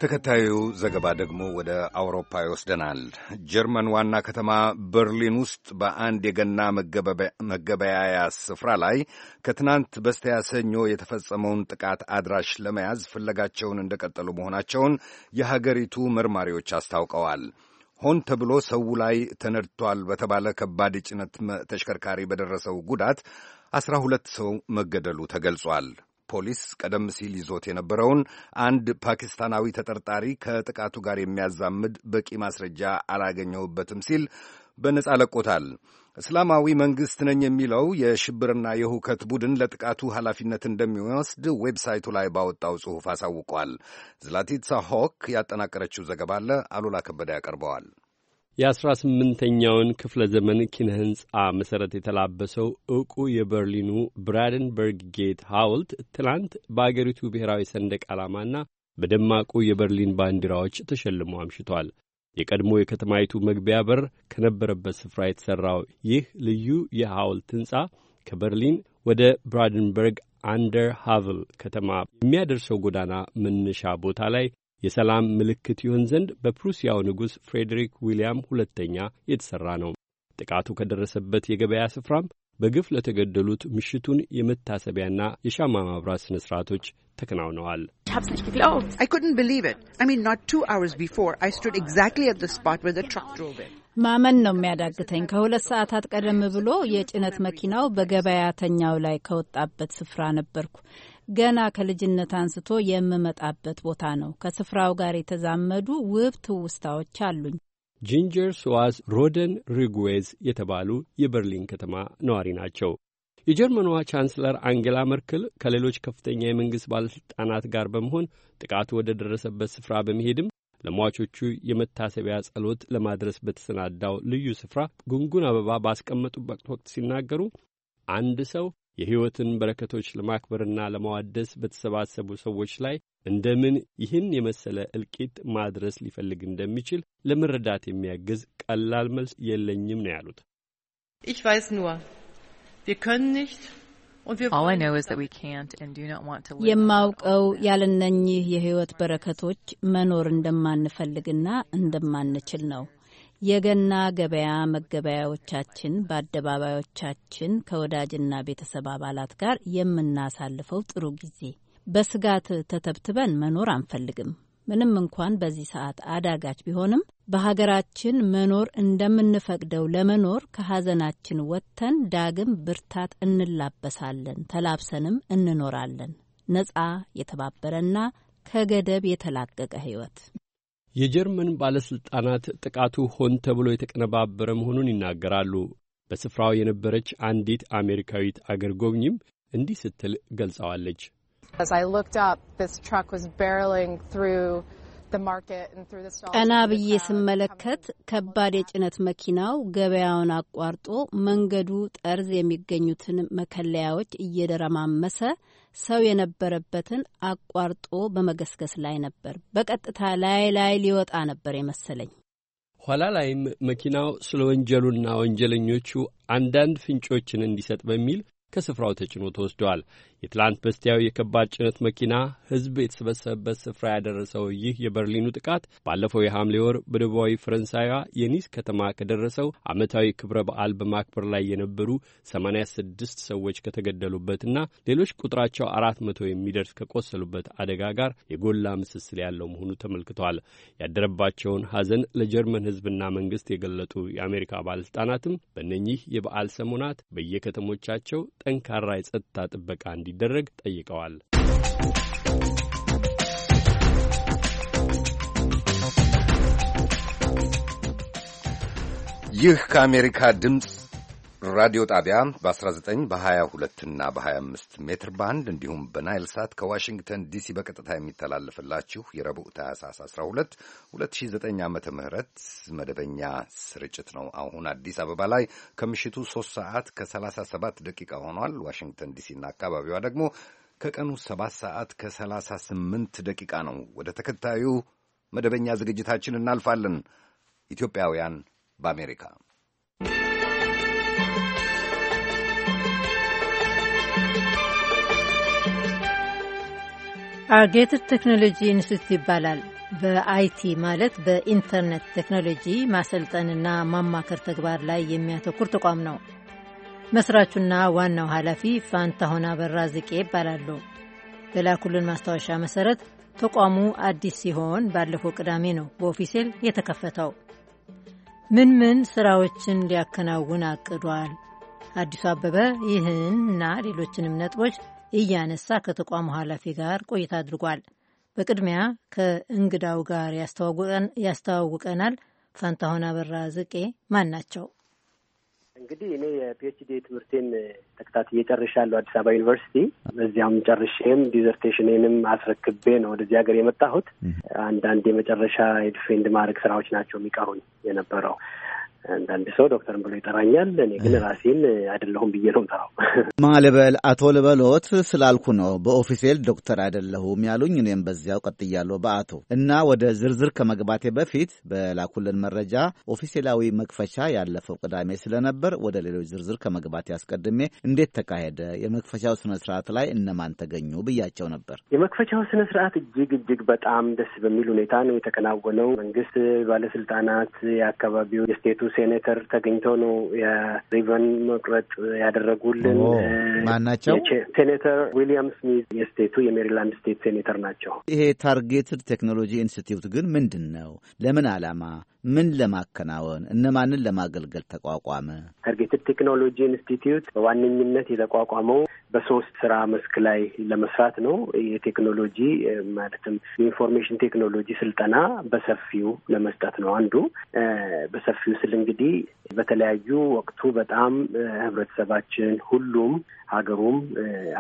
ተከታዩ ዘገባ ደግሞ ወደ አውሮፓ ይወስደናል። ጀርመን ዋና ከተማ በርሊን ውስጥ በአንድ የገና መገበያያ ስፍራ ላይ ከትናንት በስቲያ ሰኞ የተፈጸመውን ጥቃት አድራሽ ለመያዝ ፍለጋቸውን እንደቀጠሉ መሆናቸውን የሀገሪቱ መርማሪዎች አስታውቀዋል። ሆን ተብሎ ሰው ላይ ተነድቷል በተባለ ከባድ የጭነት ተሽከርካሪ በደረሰው ጉዳት አስራ ሁለት ሰው መገደሉ ተገልጿል። ፖሊስ ቀደም ሲል ይዞት የነበረውን አንድ ፓኪስታናዊ ተጠርጣሪ ከጥቃቱ ጋር የሚያዛምድ በቂ ማስረጃ አላገኘሁበትም ሲል በነጻ ለቆታል። እስላማዊ መንግሥት ነኝ የሚለው የሽብርና የሁከት ቡድን ለጥቃቱ ኃላፊነት እንደሚወስድ ዌብሳይቱ ላይ ባወጣው ጽሑፍ አሳውቋል። ዝላቲትሳ ሆክ ያጠናቀረችው ዘገባ አለ አሉላ ከበደ ያቀርበዋል። የአስራ ስምንተኛውን ክፍለ ዘመን ኪነ ሕንጻ መሠረት የተላበሰው ዕውቁ የበርሊኑ ብራደንበርግ ጌት ሐውልት ትናንት በአገሪቱ ብሔራዊ ሰንደቅ ዓላማና በደማቁ የበርሊን ባንዲራዎች ተሸልሞ አምሽቷል። የቀድሞ የከተማይቱ መግቢያ በር ከነበረበት ስፍራ የተሠራው ይህ ልዩ የሐውልት ሕንፃ ከበርሊን ወደ ብራደንበርግ አንደር ሃቭል ከተማ የሚያደርሰው ጎዳና መነሻ ቦታ ላይ የሰላም ምልክት ይሆን ዘንድ በፕሩሲያው ንጉሥ ፍሬድሪክ ዊልያም ሁለተኛ የተሠራ ነው። ጥቃቱ ከደረሰበት የገበያ ስፍራም በግፍ ለተገደሉት ምሽቱን የመታሰቢያና የሻማ ማብራት ሥነ ሥርዓቶች ተከናውነዋል። ማመን ነው የሚያዳግተኝ። ከሁለት ሰዓታት ቀደም ብሎ የጭነት መኪናው በገበያተኛው ላይ ከወጣበት ስፍራ ነበርኩ። ገና ከልጅነት አንስቶ የምመጣበት ቦታ ነው። ከስፍራው ጋር የተዛመዱ ውብ ትውስታዎች አሉኝ። ጂንጀር ስዋዝ ሮደን ሪጉዌዝ የተባሉ የበርሊን ከተማ ነዋሪ ናቸው። የጀርመኗ ቻንስለር አንጌላ መርክል ከሌሎች ከፍተኛ የመንግሥት ባለሥልጣናት ጋር በመሆን ጥቃቱ ወደ ደረሰበት ስፍራ በመሄድም ለሟቾቹ የመታሰቢያ ጸሎት ለማድረስ በተሰናዳው ልዩ ስፍራ ጉንጉን አበባ ባስቀመጡበት ወቅት ሲናገሩ አንድ ሰው የሕይወትን በረከቶች ለማክበርና ለማዋደስ በተሰባሰቡ ሰዎች ላይ እንደምን ይህን የመሰለ እልቂት ማድረስ ሊፈልግ እንደሚችል ለመረዳት የሚያግዝ ቀላል መልስ የለኝም ነው ያሉት። Ich weiß nur, wir können nicht የማውቀው ያለነኝህ የሕይወት በረከቶች መኖር እንደማንፈልግና እንደማንችል ነው። የገና ገበያ መገበያዎቻችን በአደባባዮቻችን ከወዳጅና ቤተሰብ አባላት ጋር የምናሳልፈው ጥሩ ጊዜ በስጋት ተተብትበን መኖር አንፈልግም። ምንም እንኳን በዚህ ሰዓት አዳጋች ቢሆንም በሀገራችን መኖር እንደምንፈቅደው ለመኖር ከሀዘናችን ወጥተን ዳግም ብርታት እንላበሳለን፣ ተላብሰንም እንኖራለን። ነጻ የተባበረና ከገደብ የተላቀቀ ህይወት የጀርመን ባለሥልጣናት ጥቃቱ ሆን ተብሎ የተቀነባበረ መሆኑን ይናገራሉ። በስፍራው የነበረች አንዲት አሜሪካዊት አገር ጎብኚም እንዲህ ስትል ገልጸዋለች። ቀና ብዬ ስመለከት ከባድ የጭነት መኪናው ገበያውን አቋርጦ መንገዱ ጠርዝ የሚገኙትን መከለያዎች እየደረማመሰ ሰው የነበረበትን አቋርጦ በመገስገስ ላይ ነበር። በቀጥታ ላይ ላይ ሊወጣ ነበር የመሰለኝ። ኋላ ላይም መኪናው ስለ ወንጀሉና ወንጀለኞቹ አንዳንድ ፍንጮችን እንዲሰጥ በሚል ከስፍራው ተጭኖ ተወስደዋል። የትላንት በስቲያው የከባድ ጭነት መኪና ሕዝብ የተሰበሰበበት ስፍራ ያደረሰው ይህ የበርሊኑ ጥቃት ባለፈው የሐምሌ ወር በደቡባዊ ፈረንሳይዋ የኒስ ከተማ ከደረሰው ዓመታዊ ክብረ በዓል በማክበር ላይ የነበሩ 86 ሰዎች ከተገደሉበትና ሌሎች ቁጥራቸው አራት መቶ የሚደርስ ከቆሰሉበት አደጋ ጋር የጎላ ምስስል ያለው መሆኑ ተመልክቷል። ያደረባቸውን ሐዘን ለጀርመን ሕዝብና መንግሥት የገለጡ የአሜሪካ ባለሥልጣናትም በእነኚህ የበዓል ሰሞናት በየከተሞቻቸው ጠንካራ የጸጥታ ጥበቃ እንዲደረግ ጠይቀዋል። ይህ ከአሜሪካ ድምፅ ራዲዮ ጣቢያ በ19 በ22 እና በ25 ሜትር ባንድ እንዲሁም በናይል ሳት ከዋሽንግተን ዲሲ በቀጥታ የሚተላለፍላችሁ የረቡዕ ታህሳስ 12 2009 ዓመተ መደበኛ ስርጭት ነው። አሁን አዲስ አበባ ላይ ከምሽቱ 3 ሰዓት ከ37 ደቂቃ ሆኗል። ዋሽንግተን እና አካባቢዋ ደግሞ ከቀኑ 7 ሰዓት ከ38 ደቂቃ ነው። ወደ ተከታዩ መደበኛ ዝግጅታችን እናልፋለን። ኢትዮጵያውያን በአሜሪካ አርጌትድ ቴክኖሎጂ ኢንስቲትዩት ይባላል። በአይቲ ማለት በኢንተርኔት ቴክኖሎጂ ማሰልጠንና ማማከር ተግባር ላይ የሚያተኩር ተቋም ነው። መስራቹና ዋናው ኃላፊ ሆና አበራ ዝቄ ይባላሉ። በላኩልን ማስታወሻ መሰረት ተቋሙ አዲስ ሲሆን ባለፈው ቅዳሜ ነው በኦፊሴል የተከፈተው። ምን ምን ስራዎችን ሊያከናውን አቅዷል? አዲሱ አበበ ይህን እና ሌሎችንም ነጥቦች እያነሳ ከተቋሙ ኃላፊ ጋር ቆይታ አድርጓል። በቅድሚያ ከእንግዳው ጋር ያስተዋውቀናል። ፋንታሁን አበራ ዝቄ ማን ናቸው? እንግዲህ እኔ የፒኤችዲ ትምህርቴን ተከታትዬ ጨርሻለሁ አዲስ አበባ ዩኒቨርሲቲ። በዚያም ጨርሼም ዲዘርቴሽንንም አስረክቤ ነው ወደዚህ ሀገር የመጣሁት። አንዳንድ የመጨረሻ የዲፌንድ ማድረግ ስራዎች ናቸው የሚቀሩኝ የነበረው። አንዳንድ ሰው ዶክተርን ብሎ ይጠራኛል። እኔ ግን ራሴን አይደለሁም ብዬ ነው ጠራው። [laughs] ማልበል አቶ ልበሎት ስላልኩ ነው። በኦፊሴል ዶክተር አይደለሁም ያሉኝ፣ እኔም በዚያው ቀጥያለሁ በአቶ እና ወደ ዝርዝር ከመግባቴ በፊት በላኩልን መረጃ ኦፊሴላዊ መክፈቻ ያለፈው ቅዳሜ ስለነበር ወደ ሌሎች ዝርዝር ከመግባቴ አስቀድሜ እንዴት ተካሄደ፣ የመክፈቻው ስነ ስርዓት ላይ እነማን ተገኙ ብያቸው ነበር። የመክፈቻው ስነ ስርዓት እጅግ እጅግ በጣም ደስ በሚል ሁኔታ ነው የተከናወነው። መንግስት ባለስልጣናት፣ የአካባቢው የስቴቱ ሴኔተር ተገኝተው ነው የሪቨን መቁረጥ ያደረጉልን። ማናቸው? ሴኔተር ዊሊያም ስሚዝ የስቴቱ የሜሪላንድ ስቴት ሴኔተር ናቸው። ይሄ ታርጌትድ ቴክኖሎጂ ኢንስቲትዩት ግን ምንድን ነው? ለምን ዓላማ ምን ለማከናወን እነማንን ለማገልገል ተቋቋመ? ታርጌትድ ቴክኖሎጂ ኢንስቲትዩት በዋነኝነት የተቋቋመው በሶስት ስራ መስክ ላይ ለመስራት ነው። የቴክኖሎጂ ማለትም የኢንፎርሜሽን ቴክኖሎጂ ስልጠና በሰፊው ለመስጠት ነው። አንዱ በሰፊው ስል እንግዲህ በተለያዩ ወቅቱ በጣም ህብረተሰባችን ሁሉም ሀገሩም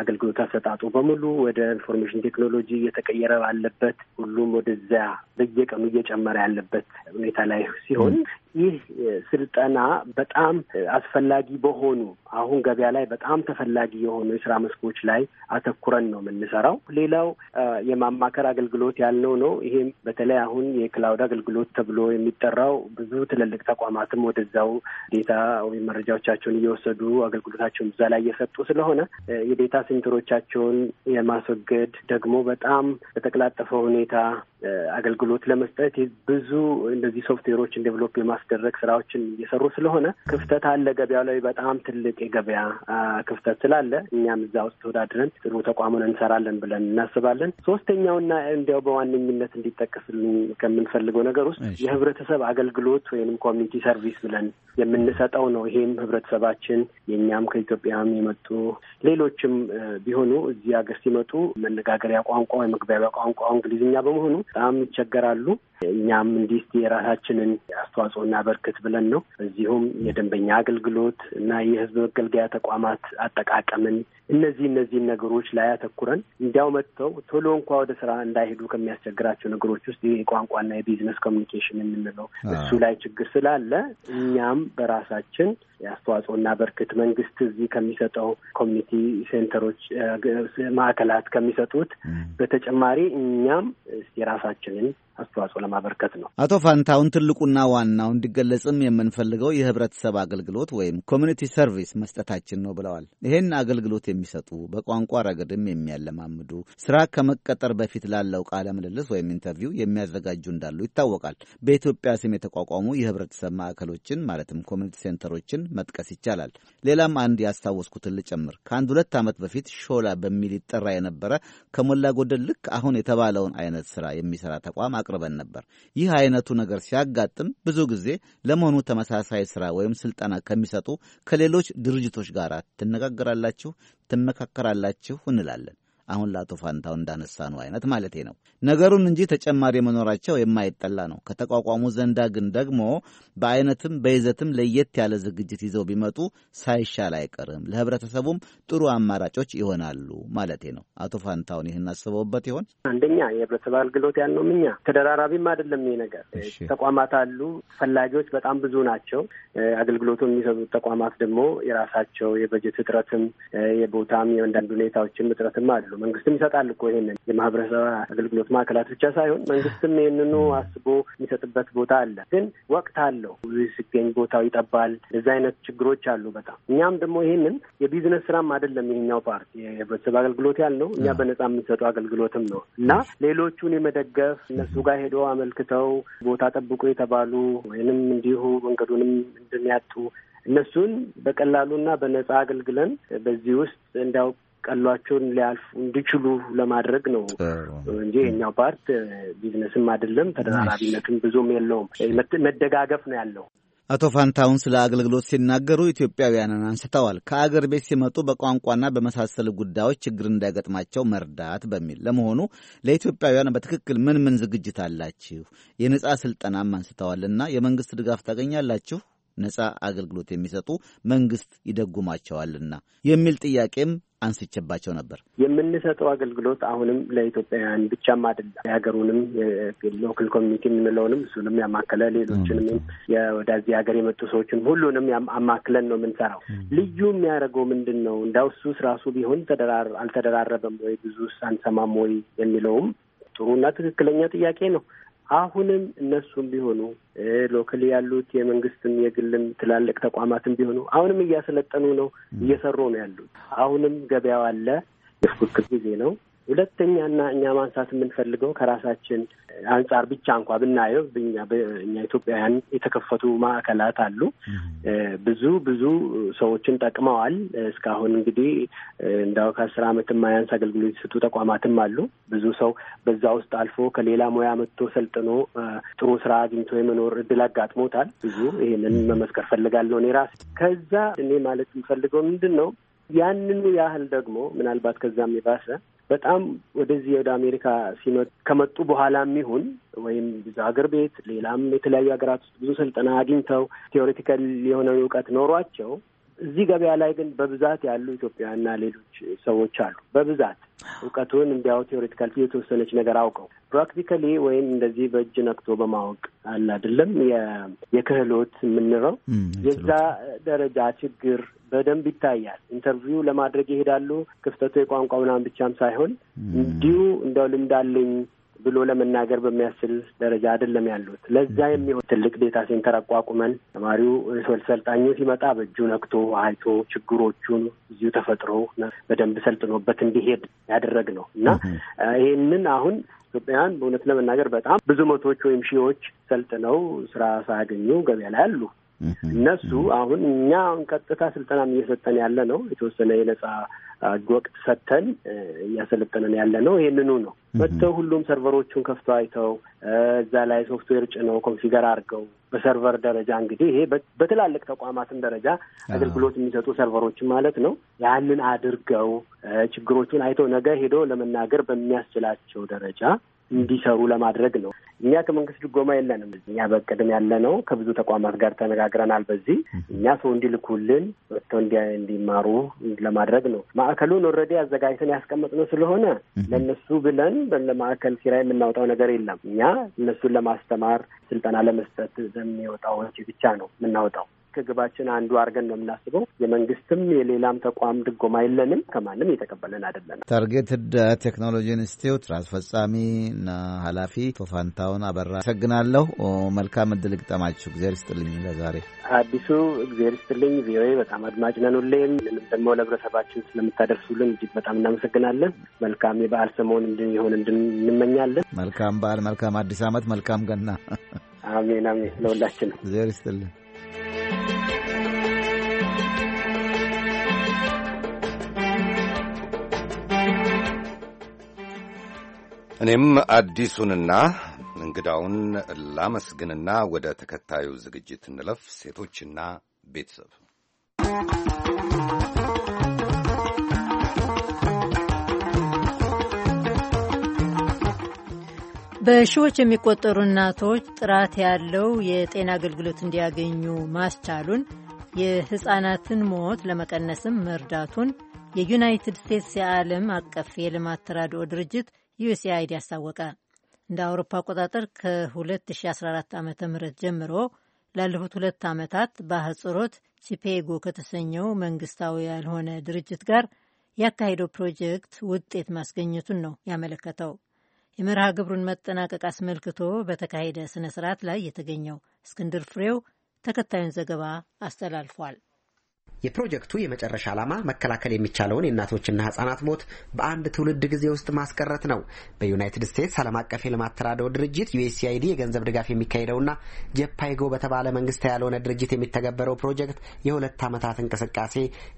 አገልግሎት አሰጣጡ በሙሉ ወደ ኢንፎርሜሽን ቴክኖሎጂ እየተቀየረ ባለበት ሁሉም ወደዚያ በየቀኑ እየጨመረ ያለበት ሁኔታ ላይ ላይ ሲሆን ይህ ስልጠና በጣም አስፈላጊ በሆኑ አሁን ገበያ ላይ በጣም ተፈላጊ የሆኑ የስራ መስኮች ላይ አተኩረን ነው የምንሰራው። ሌላው የማማከር አገልግሎት ያልነው ነው። ይሄም በተለይ አሁን የክላውድ አገልግሎት ተብሎ የሚጠራው ብዙ ትልልቅ ተቋማትም ወደዛው ዴታ ወይም መረጃዎቻቸውን እየወሰዱ አገልግሎታቸውን እዛ ላይ እየሰጡ ስለሆነ የዴታ ሴንተሮቻቸውን የማስወገድ ደግሞ በጣም በተቀላጠፈ ሁኔታ አገልግሎት ለመስጠት ብዙ እንደዚህ ሶፍት ሶፍትዌሮችን ዴቨሎፕ የማስደረግ ስራዎችን እየሰሩ ስለሆነ ክፍተት አለ ገበያው ላይ በጣም ትልቅ የገበያ ክፍተት ስላለ እኛም እዛ ውስጥ ተወዳድረን ጥሩ ተቋሙን እንሰራለን ብለን እናስባለን። ሶስተኛውና እንዲያው በዋነኝነት እንዲጠቀስልኝ ከምንፈልገው ነገር ውስጥ የህብረተሰብ አገልግሎት ወይም ኮሚኒቲ ሰርቪስ ብለን የምንሰጠው ነው። ይሄም ህብረተሰባችን የእኛም ከኢትዮጵያም የመጡ ሌሎችም ቢሆኑ እዚህ ሀገር ሲመጡ መነጋገሪያ ቋንቋ ወይ መግባቢያ ቋንቋ እንግሊዝኛ በመሆኑ በጣም ይቸገራሉ። እኛም እንዲህ የራሳችንን አስተዋጽኦ እናበርክት ብለን ነው። እዚሁም የደንበኛ አገልግሎት እና የህዝብ መገልገያ ተቋማት አጠቃቀምን እነዚህ እነዚህን ነገሮች ላይ አተኩረን እንዲያው መጥተው ቶሎ እንኳ ወደ ስራ እንዳይሄዱ ከሚያስቸግራቸው ነገሮች ውስጥ ይህ የቋንቋና የቢዝነስ ኮሚኒኬሽን የምንለው እሱ ላይ ችግር ስላለ እኛም በራሳችን አስተዋጽኦ እናበርክት። መንግስት እዚህ ከሚሰጠው ኮሚኒቲ ሴንተሮች ማዕከላት ከሚሰጡት በተጨማሪ እኛም የራሳችንን አስተዋጽኦ ለማበርከት ነው። አቶ ፋንታውን፣ ትልቁና ዋናው እንዲገለጽም የምንፈልገው የህብረተሰብ አገልግሎት ወይም ኮሚኒቲ ሰርቪስ መስጠታችን ነው ብለዋል። ይህን አገልግሎት የሚሰጡ በቋንቋ ረገድም የሚያለማምዱ ስራ ከመቀጠር በፊት ላለው ቃለ ምልልስ ወይም ኢንተርቪው የሚያዘጋጁ እንዳሉ ይታወቃል። በኢትዮጵያ ስም የተቋቋሙ የህብረተሰብ ማዕከሎችን ማለትም ኮሚኒቲ ሴንተሮችን መጥቀስ ይቻላል። ሌላም አንድ ያስታወስኩትን ልጨምር። ከአንድ ሁለት ዓመት በፊት ሾላ በሚል ይጠራ የነበረ ከሞላ ጎደል ልክ አሁን የተባለውን አይነት ስራ የሚሰራ ተቋም አቅርበን ነበር። ይህ አይነቱ ነገር ሲያጋጥም ብዙ ጊዜ ለመሆኑ ተመሳሳይ ስራ ወይም ስልጠና ከሚሰጡ ከሌሎች ድርጅቶች ጋር ትነጋገራላችሁ፣ ትመካከራላችሁ እንላለን። አሁን ለአቶ ፋንታው እንዳነሳ ነው አይነት ማለቴ ነው። ነገሩን እንጂ ተጨማሪ መኖራቸው የማይጠላ ነው። ከተቋቋሙ ዘንዳ ግን ደግሞ በአይነትም በይዘትም ለየት ያለ ዝግጅት ይዘው ቢመጡ ሳይሻል አይቀርም። ለህብረተሰቡም ጥሩ አማራጮች ይሆናሉ ማለቴ ነው። አቶ ፋንታውን ይህን አስበውበት ይሆን? አንደኛ የህብረተሰብ አገልግሎት ነው እኛ ተደራራቢም አይደለም። ይህ ነገር ተቋማት አሉ፣ ፈላጊዎች በጣም ብዙ ናቸው። አገልግሎቱን የሚሰጡት ተቋማት ደግሞ የራሳቸው የበጀት እጥረትም የቦታም የአንዳንድ ሁኔታዎችም እጥረትም አሉ። መንግስትም ይሰጣል እኮ ይሄንን የማህበረሰብ አገልግሎት ማዕከላት ብቻ ሳይሆን መንግስትም ይህንኑ አስቦ የሚሰጥበት ቦታ አለ። ግን ወቅት አለው። ብዙ ሲገኝ ቦታው ይጠባል። እዚ አይነት ችግሮች አሉ በጣም እኛም ደግሞ ይሄንን የቢዝነስ ስራም አይደለም ይሄኛው ፓርቲ የህብረተሰብ አገልግሎት ያልነው እኛ በነጻ የምንሰጡ አገልግሎትም ነው እና ሌሎቹን የመደገፍ እነሱ ጋር ሄዶ አመልክተው ቦታ ጠብቁ የተባሉ ወይንም እንዲሁ መንገዱንም እንደሚያጡ እነሱን በቀላሉና በነጻ አገልግለን በዚህ ውስጥ እንዲያው ቀሏቸውን ሊያልፉ እንዲችሉ ለማድረግ ነው እንጂ የኛው ፓርት ቢዝነስም አይደለም ተደራራቢነትም ብዙም የለውም። መደጋገፍ ነው ያለው። አቶ ፋንታውን ስለ አገልግሎት ሲናገሩ ኢትዮጵያውያንን አንስተዋል። ከአገር ቤት ሲመጡ በቋንቋና በመሳሰሉ ጉዳዮች ችግር እንዳይገጥማቸው መርዳት በሚል ለመሆኑ ለኢትዮጵያውያን በትክክል ምን ምን ዝግጅት አላችሁ? የነጻ ስልጠናም አንስተዋልና የመንግስት ድጋፍ ታገኛላችሁ? ነጻ አገልግሎት የሚሰጡ መንግስት ይደጉማቸዋልና የሚል ጥያቄም አንስቼባቸው ነበር። የምንሰጠው አገልግሎት አሁንም ለኢትዮጵያውያን ብቻም አይደለም። የሀገሩንም ሎካል ኮሚኒቲ የምንለውንም እሱንም ያማከለ ሌሎችንም ወደዚህ ሀገር የመጡ ሰዎችን ሁሉንም አማክለን ነው የምንሰራው። ልዩ የሚያደርገው ምንድን ነው? እንዳው እሱስ ራሱ ቢሆን አልተደራረበም ወይ ብዙ አንሰማም ወይ የሚለውም ጥሩና ትክክለኛ ጥያቄ ነው። አሁንም እነሱም ቢሆኑ ሎክል ያሉት የመንግስትም የግልም ትላልቅ ተቋማትም ቢሆኑ አሁንም እያሰለጠኑ ነው፣ እየሰሩ ነው ያሉት። አሁንም ገበያው አለ፣ የፉክክር ጊዜ ነው። ሁለተኛና እኛ ማንሳት የምንፈልገው ከራሳችን አንጻር ብቻ እንኳ ብናየው እኛ ኢትዮጵያውያን የተከፈቱ ማዕከላት አሉ። ብዙ ብዙ ሰዎችን ጠቅመዋል። እስካሁን እንግዲህ እንዳው ከአስር ዓመት የማያንስ አገልግሎት የተሰጡ ተቋማትም አሉ። ብዙ ሰው በዛ ውስጥ አልፎ ከሌላ ሙያ መጥቶ ሰልጥኖ ጥሩ ስራ አግኝቶ የመኖር እድል አጋጥሞታል። ብዙ ይህንን መመስከር ፈልጋለሁ እኔ ራሴ። ከዛ እኔ ማለት የምፈልገው ምንድን ነው ያንኑ ያህል ደግሞ ምናልባት ከዛም የባሰ በጣም ወደዚህ ወደ አሜሪካ ሲመጡ ከመጡ በኋላም ይሁን ወይም ብዙ ሀገር ቤት ሌላም የተለያዩ ሀገራት ውስጥ ብዙ ስልጠና አግኝተው ቴዎሬቲካል የሆነ እውቀት ኖሯቸው እዚህ ገበያ ላይ ግን በብዛት ያሉ ኢትዮጵያውያንና ሌሎች ሰዎች አሉ። በብዛት እውቀቱን እንዲያው ቴዎሬቲካል የተወሰነች ነገር አውቀው ፕራክቲካሊ ወይም እንደዚህ በእጅ ነክቶ በማወቅ አለ አይደለም የክህሎት የምንለው የዛ ደረጃ ችግር በደንብ ይታያል። ኢንተርቪው ለማድረግ ይሄዳሉ። ክፍተቱ የቋንቋ ምናምን ብቻም ሳይሆን እንዲሁ እንደው ልምዳለኝ ብሎ ለመናገር በሚያስችል ደረጃ አይደለም ያሉት። ለዛ የሚሆን ትልቅ ዴታ ሴንተር አቋቁመን ተማሪው ሰልጣኙ ሲመጣ በእጁ ነክቶ አይቶ ችግሮቹን እዚሁ ተፈጥሮ በደንብ ሰልጥኖበት እንዲሄድ ያደረግ ነው እና ይህንን አሁን ኢትዮጵያውያን በእውነት ለመናገር በጣም ብዙ መቶዎች ወይም ሺዎች ሰልጥነው ስራ ሳያገኙ ገበያ ላይ አሉ። እነሱ አሁን እኛ አሁን ቀጥታ ስልጠናም እየሰጠን ያለ ነው የተወሰነ የነጻ ወቅት ሰጥተን እያሰለጠነን ያለ ነው። ይህንኑ ነው መጥተው ሁሉም ሰርቨሮቹን ከፍቶ አይተው እዛ ላይ ሶፍትዌር ጭነው ኮንፊገር አድርገው በሰርቨር ደረጃ እንግዲህ ይሄ በትላልቅ ተቋማትን ደረጃ አገልግሎት የሚሰጡ ሰርቨሮችን ማለት ነው። ያንን አድርገው ችግሮቹን አይተው ነገ ሄዶ ለመናገር በሚያስችላቸው ደረጃ እንዲሰሩ ለማድረግ ነው። እኛ ከመንግስት ድጎማ የለንም። እኛ በቅድም ያለ ነው ከብዙ ተቋማት ጋር ተነጋግረናል። በዚህ እኛ ሰው እንዲልኩልን ወጥተው እንዲማሩ ለማድረግ ነው። ማዕከሉን ኦልሬዲ አዘጋጅተን ያስቀመጥነው ስለሆነ ለእነሱ ብለን ለማዕከል ኪራይ የምናወጣው ነገር የለም። እኛ እነሱን ለማስተማር ስልጠና ለመስጠት የሚወጣው ወጪ ብቻ ነው የምናወጣው። ከግባችን አንዱ አድርገን ነው የምናስበው። የመንግስትም የሌላም ተቋም ድጎማ የለንም፣ ከማንም የተቀበለን አይደለም። ታርጌትድ ቴክኖሎጂ ኢንስቲትዩት ስራ አስፈጻሚ እና ኃላፊ ቶፋንታውን አበራ አመሰግናለሁ። መልካም እድል ግጠማችሁ። እግዜር ስጥልኝ። ለዛሬ አዲሱ እግዜር ስጥልኝ። ቪኦኤ በጣም አድማጭ ነን። ሁሌም ደግሞ ለህብረተሰባችን ስለምታደርሱልን እጅግ በጣም እናመሰግናለን። መልካም የበዓል ሰሞን እንድንሆን እንድንመኛለን። መልካም በዓል፣ መልካም አዲስ አመት፣ መልካም ገና። አሜን አሜን። ለሁላችን እግዜር ይስጥልን። እኔም አዲሱንና እንግዳውን ላመስግንና ወደ ተከታዩ ዝግጅት እንለፍ። ሴቶችና ቤተሰብ በሺዎች የሚቆጠሩ እናቶች ጥራት ያለው የጤና አገልግሎት እንዲያገኙ ማስቻሉን የሕፃናትን ሞት ለመቀነስም መርዳቱን የዩናይትድ ስቴትስ የዓለም አቀፍ የልማት ተራድኦ ድርጅት ዩኤስኤአይዲ አስታወቀ። እንደ አውሮፓ አቆጣጠር ከ2014 ዓ ም ጀምሮ ላለፉት ሁለት ዓመታት በአህጽሮት ሲፔጎ ከተሰኘው መንግስታዊ ያልሆነ ድርጅት ጋር ያካሄደው ፕሮጀክት ውጤት ማስገኘቱን ነው ያመለከተው። የመርሃ ግብሩን መጠናቀቅ አስመልክቶ በተካሄደ ስነ ስርዓት ላይ የተገኘው እስክንድር ፍሬው ተከታዩን ዘገባ አስተላልፏል። የፕሮጀክቱ የመጨረሻ ዓላማ መከላከል የሚቻለውን የእናቶችና ህጻናት ሞት በአንድ ትውልድ ጊዜ ውስጥ ማስቀረት ነው። በዩናይትድ ስቴትስ ዓለም አቀፍ የልማት ተራድኦ ድርጅት ዩኤስአይዲ የገንዘብ ድጋፍ የሚካሄደውና ጀፓይጎ በተባለ መንግስታዊ ያልሆነ ድርጅት የሚተገበረው ፕሮጀክት የሁለት ዓመታት እንቅስቃሴ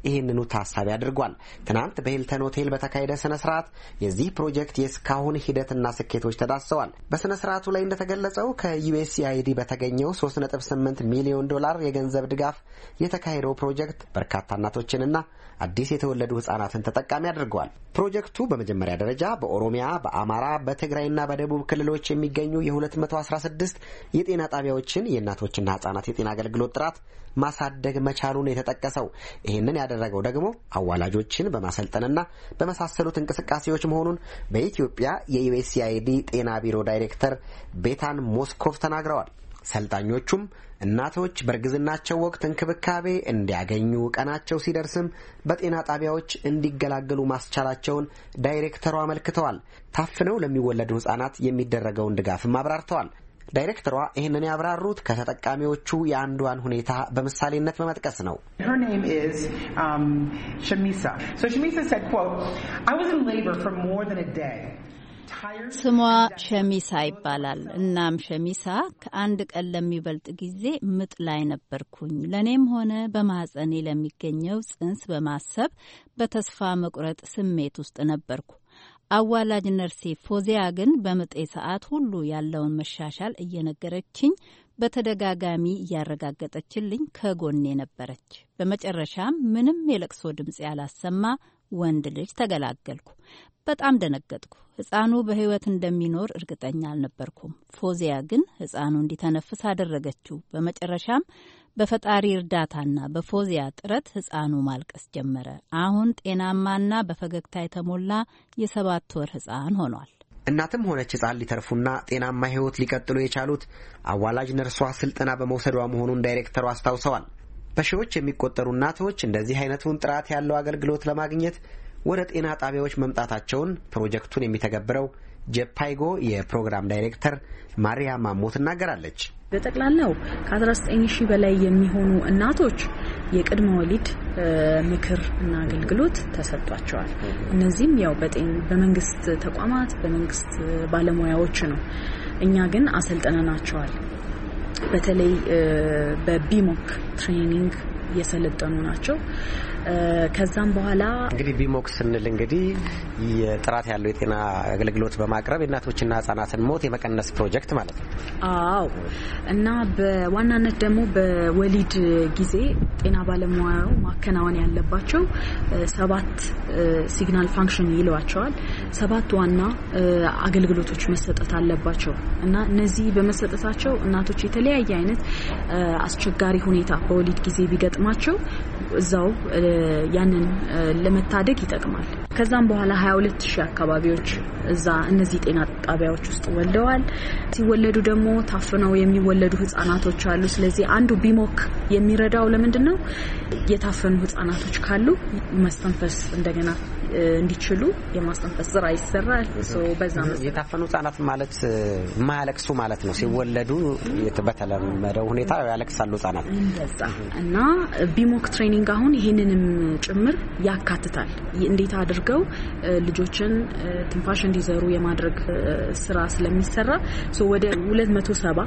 ይህንኑ ታሳቢ አድርጓል። ትናንት በሂልተን ሆቴል በተካሄደ ስነ ስርዓት የዚህ ፕሮጀክት የእስካሁን ሂደትና ስኬቶች ተዳሰዋል። በስነ ስርዓቱ ላይ እንደተገለጸው ከዩኤስአይዲ በተገኘው 3.8 ሚሊዮን ዶላር የገንዘብ ድጋፍ የተካሄደው ፕሮጀክት ፕሮጀክት በርካታ እናቶችንና አዲስ የተወለዱ ህጻናትን ተጠቃሚ አድርገዋል። ፕሮጀክቱ በመጀመሪያ ደረጃ በኦሮሚያ፣ በአማራ፣ በትግራይና በደቡብ ክልሎች የሚገኙ የ216 የጤና ጣቢያዎችን የእናቶችና ህጻናት የጤና አገልግሎት ጥራት ማሳደግ መቻሉን የተጠቀሰው ይህንን ያደረገው ደግሞ አዋላጆችን በማሰልጠንና በመሳሰሉት እንቅስቃሴዎች መሆኑን በኢትዮጵያ የዩኤስአይዲ ጤና ቢሮ ዳይሬክተር ቤታን ሞስኮቭ ተናግረዋል። ሰልጣኞቹም እናቶች በእርግዝናቸው ወቅት እንክብካቤ እንዲያገኙ ቀናቸው ሲደርስም በጤና ጣቢያዎች እንዲገላገሉ ማስቻላቸውን ዳይሬክተሯ አመልክተዋል። ታፍነው ለሚወለዱ ህጻናት የሚደረገውን ድጋፍም አብራርተዋል። ዳይሬክተሯ ይህንን ያብራሩት ከተጠቃሚዎቹ የአንዷን ሁኔታ በምሳሌነት በመጥቀስ ነው። ሸሚሳ ስሟ ሸሚሳ ይባላል። እናም ሸሚሳ ከአንድ ቀን ለሚበልጥ ጊዜ ምጥ ላይ ነበርኩኝ። ለእኔም ሆነ በማህፀኔ ለሚገኘው ጽንስ በማሰብ በተስፋ መቁረጥ ስሜት ውስጥ ነበርኩ። አዋላጅ ነርሴ ፎዚያ ግን በምጤ ሰዓት ሁሉ ያለውን መሻሻል እየነገረችኝ በተደጋጋሚ እያረጋገጠችልኝ ከጎኔ ነበረች። በመጨረሻም ምንም የለቅሶ ድምፅ ያላሰማ ወንድ ልጅ ተገላገልኩ። በጣም ደነገጥኩ። ህፃኑ በህይወት እንደሚኖር እርግጠኛ አልነበርኩም። ፎዚያ ግን ህፃኑ እንዲተነፍስ አደረገችው። በመጨረሻም በፈጣሪ እርዳታና በፎዚያ ጥረት ህፃኑ ማልቀስ ጀመረ። አሁን ጤናማና በፈገግታ የተሞላ የሰባት ወር ህፃን ሆኗል። እናትም ሆነች ህፃን ሊተርፉና ጤናማ ህይወት ሊቀጥሉ የቻሉት አዋላጅ ነርሷ ስልጠና በመውሰዷ መሆኑን ዳይሬክተሩ አስታውሰዋል። በሺዎች የሚቆጠሩ እናቶች እንደዚህ አይነቱን ጥራት ያለው አገልግሎት ለማግኘት ወደ ጤና ጣቢያዎች መምጣታቸውን ፕሮጀክቱን የሚተገብረው ጀፓይጎ የፕሮግራም ዳይሬክተር ማሪያ ማሞ ትናገራለች። በጠቅላላው ከ19 ሺ በላይ የሚሆኑ እናቶች የቅድመ ወሊድ ምክር እና አገልግሎት ተሰጥቷቸዋል። እነዚህም ያው በመንግስት ተቋማት በመንግስት ባለሙያዎች ነው። እኛ ግን አሰልጥነናቸዋል። በተለይ በቢሞክ ትሬኒንግ የሰለጠኑ ናቸው። ከዛም በኋላ እንግዲህ ቢሞክስ ስንል እንግዲህ ጥራት ያለው የጤና አገልግሎት በማቅረብ የእናቶችና ህጻናትን ሞት የመቀነስ ፕሮጀክት ማለት ነው። አዎ እና በዋናነት ደግሞ በወሊድ ጊዜ ጤና ባለሙያው ማከናወን ያለባቸው ሰባት ሲግናል ፋንክሽን ይለዋቸዋል። ሰባት ዋና አገልግሎቶች መሰጠት አለባቸው እና እነዚህ በመሰጠታቸው እናቶች የተለያየ አይነት አስቸጋሪ ሁኔታ በወሊድ ጊዜ ቢገጥማቸው እዛው ያንን ለመታደግ ይጠቅማል። ከዛም በኋላ 22 ሺህ አካባቢዎች እዛ እነዚህ ጤና ጣቢያዎች ውስጥ ወልደዋል። ሲወለዱ ደግሞ ታፍነው የሚወለዱ ህጻናቶች አሉ። ስለዚህ አንዱ ቢሞክ የሚረዳው ለምንድን ነው? የታፈኑ ህጻናቶች ካሉ መስተንፈስ እንደገና እንዲችሉ የማስተንፈስ ስራ ይሰራል። በዛ የታፈኑ ህጻናት ማለት የማያለቅሱ ማለት ነው። ሲወለዱ በተለመደው ሁኔታ ያለቅሳሉ ህጻናት እና ቢሞክ ትሬኒንግ አሁን ይህንንም ጭምር ያካትታል። እንዴት አድርገው ልጆችን ትንፋሽ እንዲዘሩ የማድረግ ስራ ስለሚሰራ ወደ 270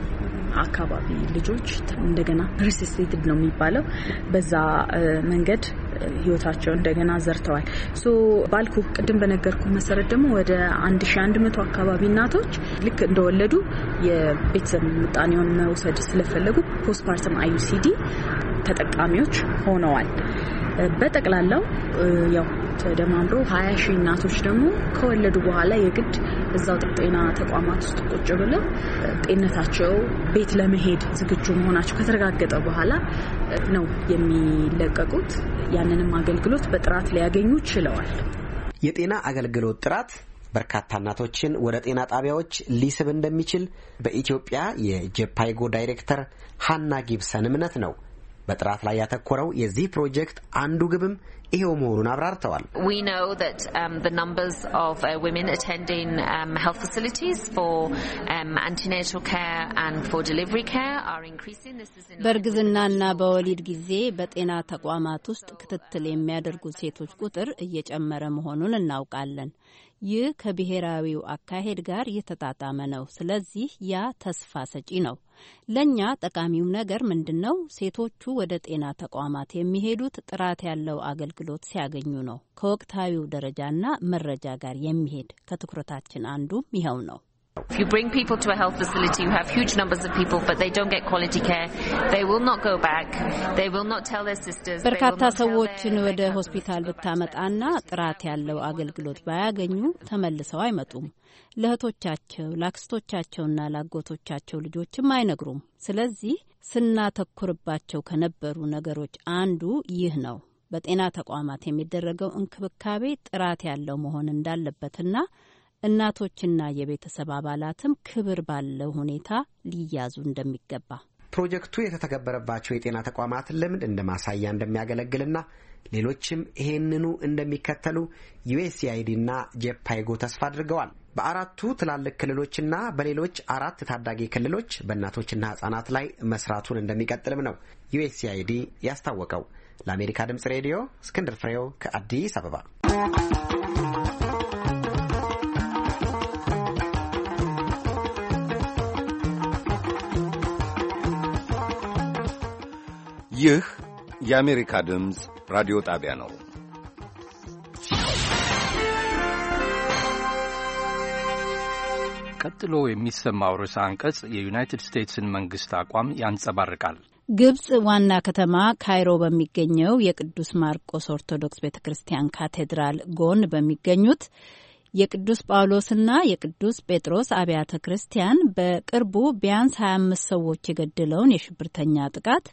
አካባቢ ልጆች እንደገና ሪስስቴትድ ነው የሚባለው በዛ መንገድ ህይወታቸው እንደገና ዘርተዋል። ባልኩ ቅድም በነገርኩ መሰረት ደግሞ ወደ 1100 አካባቢ እናቶች ልክ እንደወለዱ የቤተሰብ ምጣኔውን መውሰድ ስለፈለጉ ፖስት አዩሲዲ ተጠቃሚዎች ሆነዋል። በጠቅላላው ያው ተደማምሮ ሀያ ሺህ እናቶች ደግሞ ከወለዱ በኋላ የግድ እዛው ጤና ተቋማት ውስጥ ቁጭ ብለው ጤንነታቸው ቤት ለመሄድ ዝግጁ መሆናቸው ከተረጋገጠ በኋላ ነው የሚለቀቁት። ያንንም አገልግሎት በጥራት ሊያገኙ ችለዋል። የጤና አገልግሎት ጥራት በርካታ እናቶችን ወደ ጤና ጣቢያዎች ሊስብ እንደሚችል በኢትዮጵያ የጄፓይጎ ዳይሬክተር ሀና ጊብሰን እምነት ነው። በጥራት ላይ ያተኮረው የዚህ ፕሮጀክት አንዱ ግብም ይሄው መሆኑን አብራርተዋል። um, uh, um, um, በእርግዝናና በወሊድ ጊዜ በጤና ተቋማት ውስጥ ክትትል የሚያደርጉ ሴቶች ቁጥር እየጨመረ መሆኑን እናውቃለን። ይህ ከብሔራዊው አካሄድ ጋር የተጣጣመ ነው። ስለዚህ ያ ተስፋ ሰጪ ነው። ለእኛ ጠቃሚው ነገር ምንድን ነው? ሴቶቹ ወደ ጤና ተቋማት የሚሄዱት ጥራት ያለው አገልግሎት ሲያገኙ ነው። ከወቅታዊው ደረጃና መረጃ ጋር የሚሄድ ከትኩረታችን አንዱም ይኸው ነው። በርካታ ሰዎችን ወደ ሆስፒታል ብታመጣና ጥራት ያለው አገልግሎት ባያገኙ ተመልሰው አይመጡም። ለእህቶቻቸው፣ ለአክስቶቻቸውና ላጎቶቻቸው ልጆችም አይነግሩም። ስለዚህ ስናተኩርባቸው ከነበሩ ነገሮች አንዱ ይህ ነው። በጤና ተቋማት የሚደረገው እንክብካቤ ጥራት ያለው መሆን እንዳለበትና እናቶችና የቤተሰብ አባላትም ክብር ባለው ሁኔታ ሊያዙ እንደሚገባ ፕሮጀክቱ የተተገበረባቸው የጤና ተቋማት ልምድ እንደ ማሳያ እንደሚያገለግልና ሌሎችም ይሄንኑ እንደሚከተሉ ዩኤስኤአይዲና ጄፓይጎ ተስፋ አድርገዋል። በአራቱ ትላልቅ ክልሎችና በሌሎች አራት ታዳጊ ክልሎች በእናቶችና ህጻናት ላይ መስራቱን እንደሚቀጥልም ነው ዩኤስኤአይዲ ያስታወቀው። ለአሜሪካ ድምጽ ሬዲዮ እስክንድር ፍሬው ከአዲስ አበባ ይህ የአሜሪካ ድምፅ ራዲዮ ጣቢያ ነው። ቀጥሎ የሚሰማው ርዕሰ አንቀጽ የዩናይትድ ስቴትስን መንግሥት አቋም ያንጸባርቃል። ግብጽ ዋና ከተማ ካይሮ በሚገኘው የቅዱስ ማርቆስ ኦርቶዶክስ ቤተ ክርስቲያን ካቴድራል ጎን በሚገኙት የቅዱስ ጳውሎስና የቅዱስ ጴጥሮስ አብያተ ክርስቲያን በቅርቡ ቢያንስ 25 ሰዎች የገደለውን የሽብርተኛ ጥቃት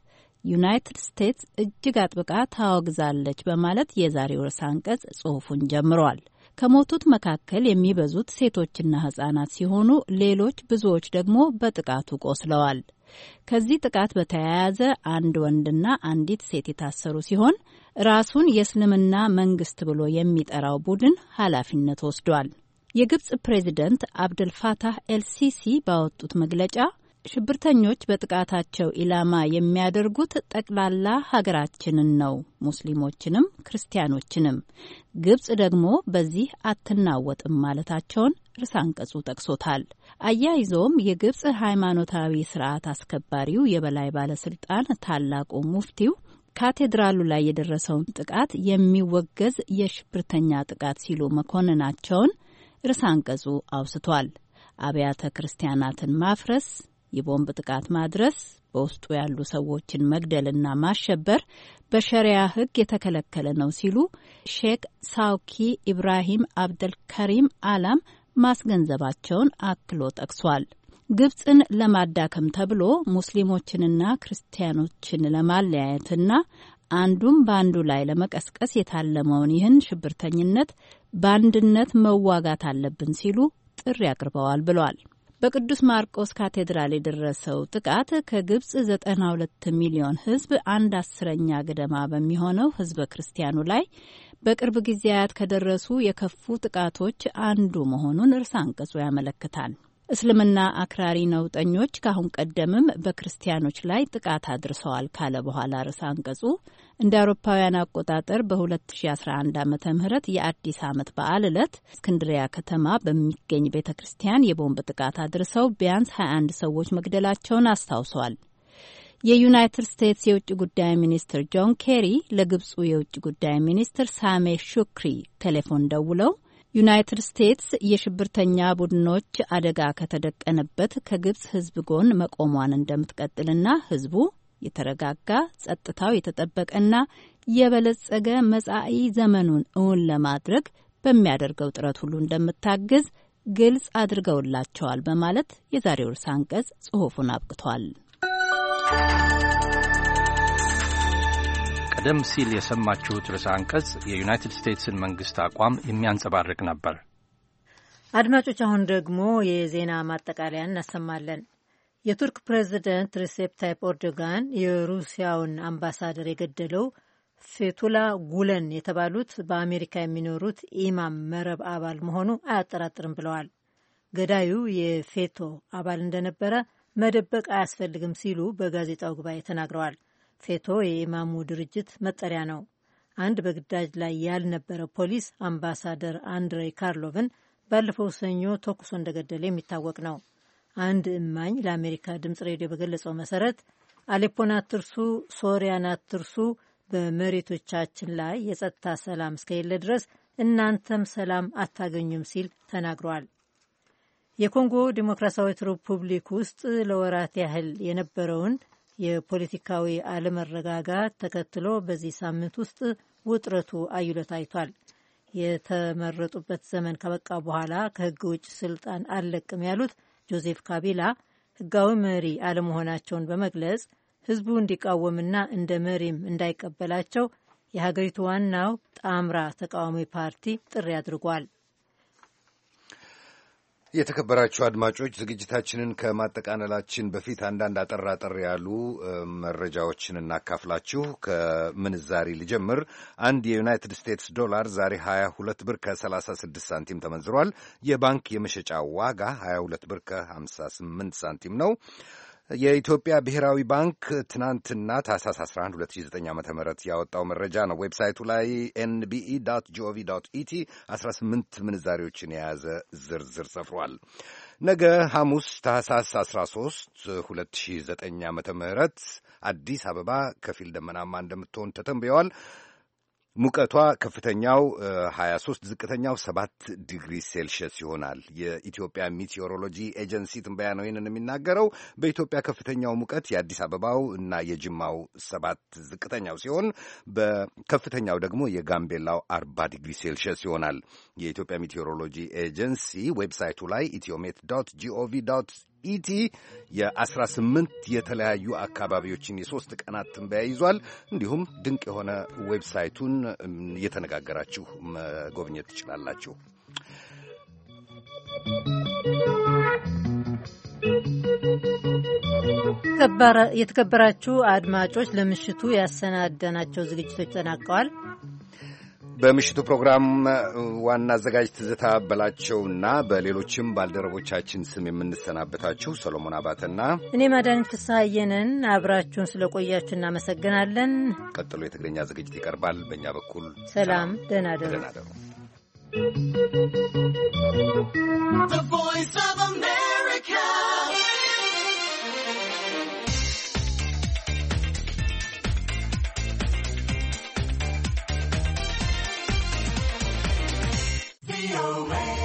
ዩናይትድ ስቴትስ እጅግ አጥብቃ ታወግዛለች በማለት የዛሬው ርዕሰ አንቀጽ ጽሑፉን ጀምሯል። ከሞቱት መካከል የሚበዙት ሴቶችና ህጻናት ሲሆኑ ሌሎች ብዙዎች ደግሞ በጥቃቱ ቆስለዋል። ከዚህ ጥቃት በተያያዘ አንድ ወንድና አንዲት ሴት የታሰሩ ሲሆን ራሱን የእስልምና መንግስት ብሎ የሚጠራው ቡድን ኃላፊነት ወስዷል። የግብፅ ፕሬዚደንት አብደልፋታህ ኤልሲሲ ባወጡት መግለጫ ሽብርተኞች በጥቃታቸው ኢላማ የሚያደርጉት ጠቅላላ ሀገራችንን ነው፣ ሙስሊሞችንም ክርስቲያኖችንም። ግብጽ ደግሞ በዚህ አትናወጥም ማለታቸውን ርዕሰ አንቀጹ ጠቅሶታል። አያይዞም የግብጽ ሃይማኖታዊ ስርዓት አስከባሪው የበላይ ባለስልጣን ታላቁ ሙፍቲው ካቴድራሉ ላይ የደረሰውን ጥቃት የሚወገዝ የሽብርተኛ ጥቃት ሲሉ መኮንናቸውን ርዕሰ አንቀጹ አውስቷል። አብያተ ክርስቲያናትን ማፍረስ፣ የቦምብ ጥቃት ማድረስ፣ በውስጡ ያሉ ሰዎችን መግደልና ማሸበር በሸሪያ ሕግ የተከለከለ ነው ሲሉ ሼክ ሳውኪ ኢብራሂም አብደልከሪም አላም ማስገንዘባቸውን አክሎ ጠቅሷል። ግብፅን ለማዳከም ተብሎ ሙስሊሞችንና ክርስቲያኖችን ለማለያየትና አንዱም በአንዱ ላይ ለመቀስቀስ የታለመውን ይህን ሽብርተኝነት በአንድነት መዋጋት አለብን ሲሉ ጥሪ አቅርበዋል ብሏል። በቅዱስ ማርቆስ ካቴድራል የደረሰው ጥቃት ከግብጽ 92 ሚሊዮን ሕዝብ አንድ አስረኛ ገደማ በሚሆነው ሕዝበ ክርስቲያኑ ላይ በቅርብ ጊዜያት ከደረሱ የከፉ ጥቃቶች አንዱ መሆኑን እርሳ አንቀጹ ያመለክታል። እስልምና አክራሪ ነውጠኞች ከአሁን ቀደምም በክርስቲያኖች ላይ ጥቃት አድርሰዋል ካለ በኋላ ርዕሰ አንቀጹ እንደ አውሮፓውያን አቆጣጠር በ2011 ዓ ም የአዲስ ዓመት በዓል ዕለት እስክንድሪያ ከተማ በሚገኝ ቤተ ክርስቲያን የቦምብ ጥቃት አድርሰው ቢያንስ 21 ሰዎች መግደላቸውን አስታውሷል። የዩናይትድ ስቴትስ የውጭ ጉዳይ ሚኒስትር ጆን ኬሪ ለግብፁ የውጭ ጉዳይ ሚኒስትር ሳሜ ሹክሪ ቴሌፎን ደውለው ዩናይትድ ስቴትስ የሽብርተኛ ቡድኖች አደጋ ከተደቀነበት ከግብጽ ሕዝብ ጎን መቆሟን እንደምትቀጥልና ሕዝቡ የተረጋጋ ጸጥታው የተጠበቀና የበለጸገ መጻኢ ዘመኑን እውን ለማድረግ በሚያደርገው ጥረት ሁሉ እንደምታግዝ ግልጽ አድርገውላቸዋል በማለት የዛሬው ርዕሰ አንቀጽ ጽሑፉን አብቅቷል። ቀደም ሲል የሰማችሁት ርዕሰ አንቀጽ የዩናይትድ ስቴትስን መንግስት አቋም የሚያንጸባርቅ ነበር። አድማጮች፣ አሁን ደግሞ የዜና ማጠቃለያ እናሰማለን። የቱርክ ፕሬዚደንት ሪሴፕ ታይፕ ኤርዶጋን የሩሲያውን አምባሳደር የገደለው ፌቱላ ጉለን የተባሉት በአሜሪካ የሚኖሩት ኢማም መረብ አባል መሆኑ አያጠራጥርም ብለዋል። ገዳዩ የፌቶ አባል እንደነበረ መደበቅ አያስፈልግም ሲሉ በጋዜጣው ጉባኤ ተናግረዋል። ፌቶ የኢማሙ ድርጅት መጠሪያ ነው። አንድ በግዳጅ ላይ ያልነበረ ፖሊስ አምባሳደር አንድሬ ካርሎቭን ባለፈው ሰኞ ተኩሶ እንደገደለ የሚታወቅ ነው። አንድ እማኝ ለአሜሪካ ድምፅ ሬዲዮ በገለጸው መሰረት አሌፖን አትርሱ፣ ሶሪያን አትርሱ፣ በመሬቶቻችን ላይ የጸጥታ ሰላም እስከሌለ ድረስ እናንተም ሰላም አታገኙም ሲል ተናግሯል። የኮንጎ ዲሞክራሲያዊት ሪፑብሊክ ውስጥ ለወራት ያህል የነበረውን የፖለቲካዊ አለመረጋጋት ተከትሎ በዚህ ሳምንት ውስጥ ውጥረቱ አይሎ ታይቷል። የተመረጡበት ዘመን ከበቃ በኋላ ከህግ ውጭ ስልጣን አልለቅም ያሉት ጆዜፍ ካቢላ ህጋዊ መሪ አለመሆናቸውን በመግለጽ ህዝቡ እንዲቃወምና እንደ መሪም እንዳይቀበላቸው የሀገሪቱ ዋናው ጣምራ ተቃዋሚ ፓርቲ ጥሪ አድርጓል። የተከበራችሁ አድማጮች ዝግጅታችንን ከማጠቃለላችን በፊት አንዳንድ አጠር አጠር ያሉ መረጃዎችን እናካፍላችሁ። ከምንዛሪ ልጀምር። አንድ የዩናይትድ ስቴትስ ዶላር ዛሬ 22 ብር ከ36 ሳንቲም ተመንዝሯል። የባንክ የመሸጫ ዋጋ 22 ብር ከ58 ሳንቲም ነው። የኢትዮጵያ ብሔራዊ ባንክ ትናንትና ታህሳስ 11 2009 ዓ ም ያወጣው መረጃ ነው። ዌብሳይቱ ላይ ኤንቢኢ ጂኦቪ ኢቲ 18 ምንዛሬዎችን የያዘ ዝርዝር ሰፍሯል። ነገ ሐሙስ ታህሳስ 13 2009 ዓ ም አዲስ አበባ ከፊል ደመናማ እንደምትሆን ተተንብየዋል። ሙቀቷ ከፍተኛው 23 ዝቅተኛው 7 ዲግሪ ሴልሽየስ ይሆናል። የኢትዮጵያ ሚቴዎሮሎጂ ኤጀንሲ ትንበያ ነው ይህንን የሚናገረው። በኢትዮጵያ ከፍተኛው ሙቀት የአዲስ አበባው እና የጅማው 7 ዝቅተኛው ሲሆን በከፍተኛው ደግሞ የጋምቤላው 40 ዲግሪ ሴልሽየስ ይሆናል። የኢትዮጵያ ሜቴሮሎጂ ኤጀንሲ ዌብሳይቱ ላይ ኢትዮሜት ዶት ጂኦቪ ዶት ኢቲ የ18 የተለያዩ አካባቢዎችን የሶስት ቀናት ትንበያ ይዟል። እንዲሁም ድንቅ የሆነ ዌብሳይቱን እየተነጋገራችሁ መጎብኘት ትችላላችሁ። የተከበራችሁ አድማጮች ለምሽቱ ያሰናደናቸው ዝግጅቶች ተጠናቀዋል። በምሽቱ ፕሮግራም ዋና አዘጋጅ ትዝታ በላቸውና በሌሎችም ባልደረቦቻችን ስም የምንሰናበታችሁ ሰሎሞን አባተና እኔ ማዳኒት ፍስሐየንን አብራችሁን ስለቆያችሁ እናመሰግናለን። ቀጥሎ የትግርኛ ዝግጅት ይቀርባል። በእኛ በኩል ሰላም፣ ደህና ደሩ። The voice of America VOA.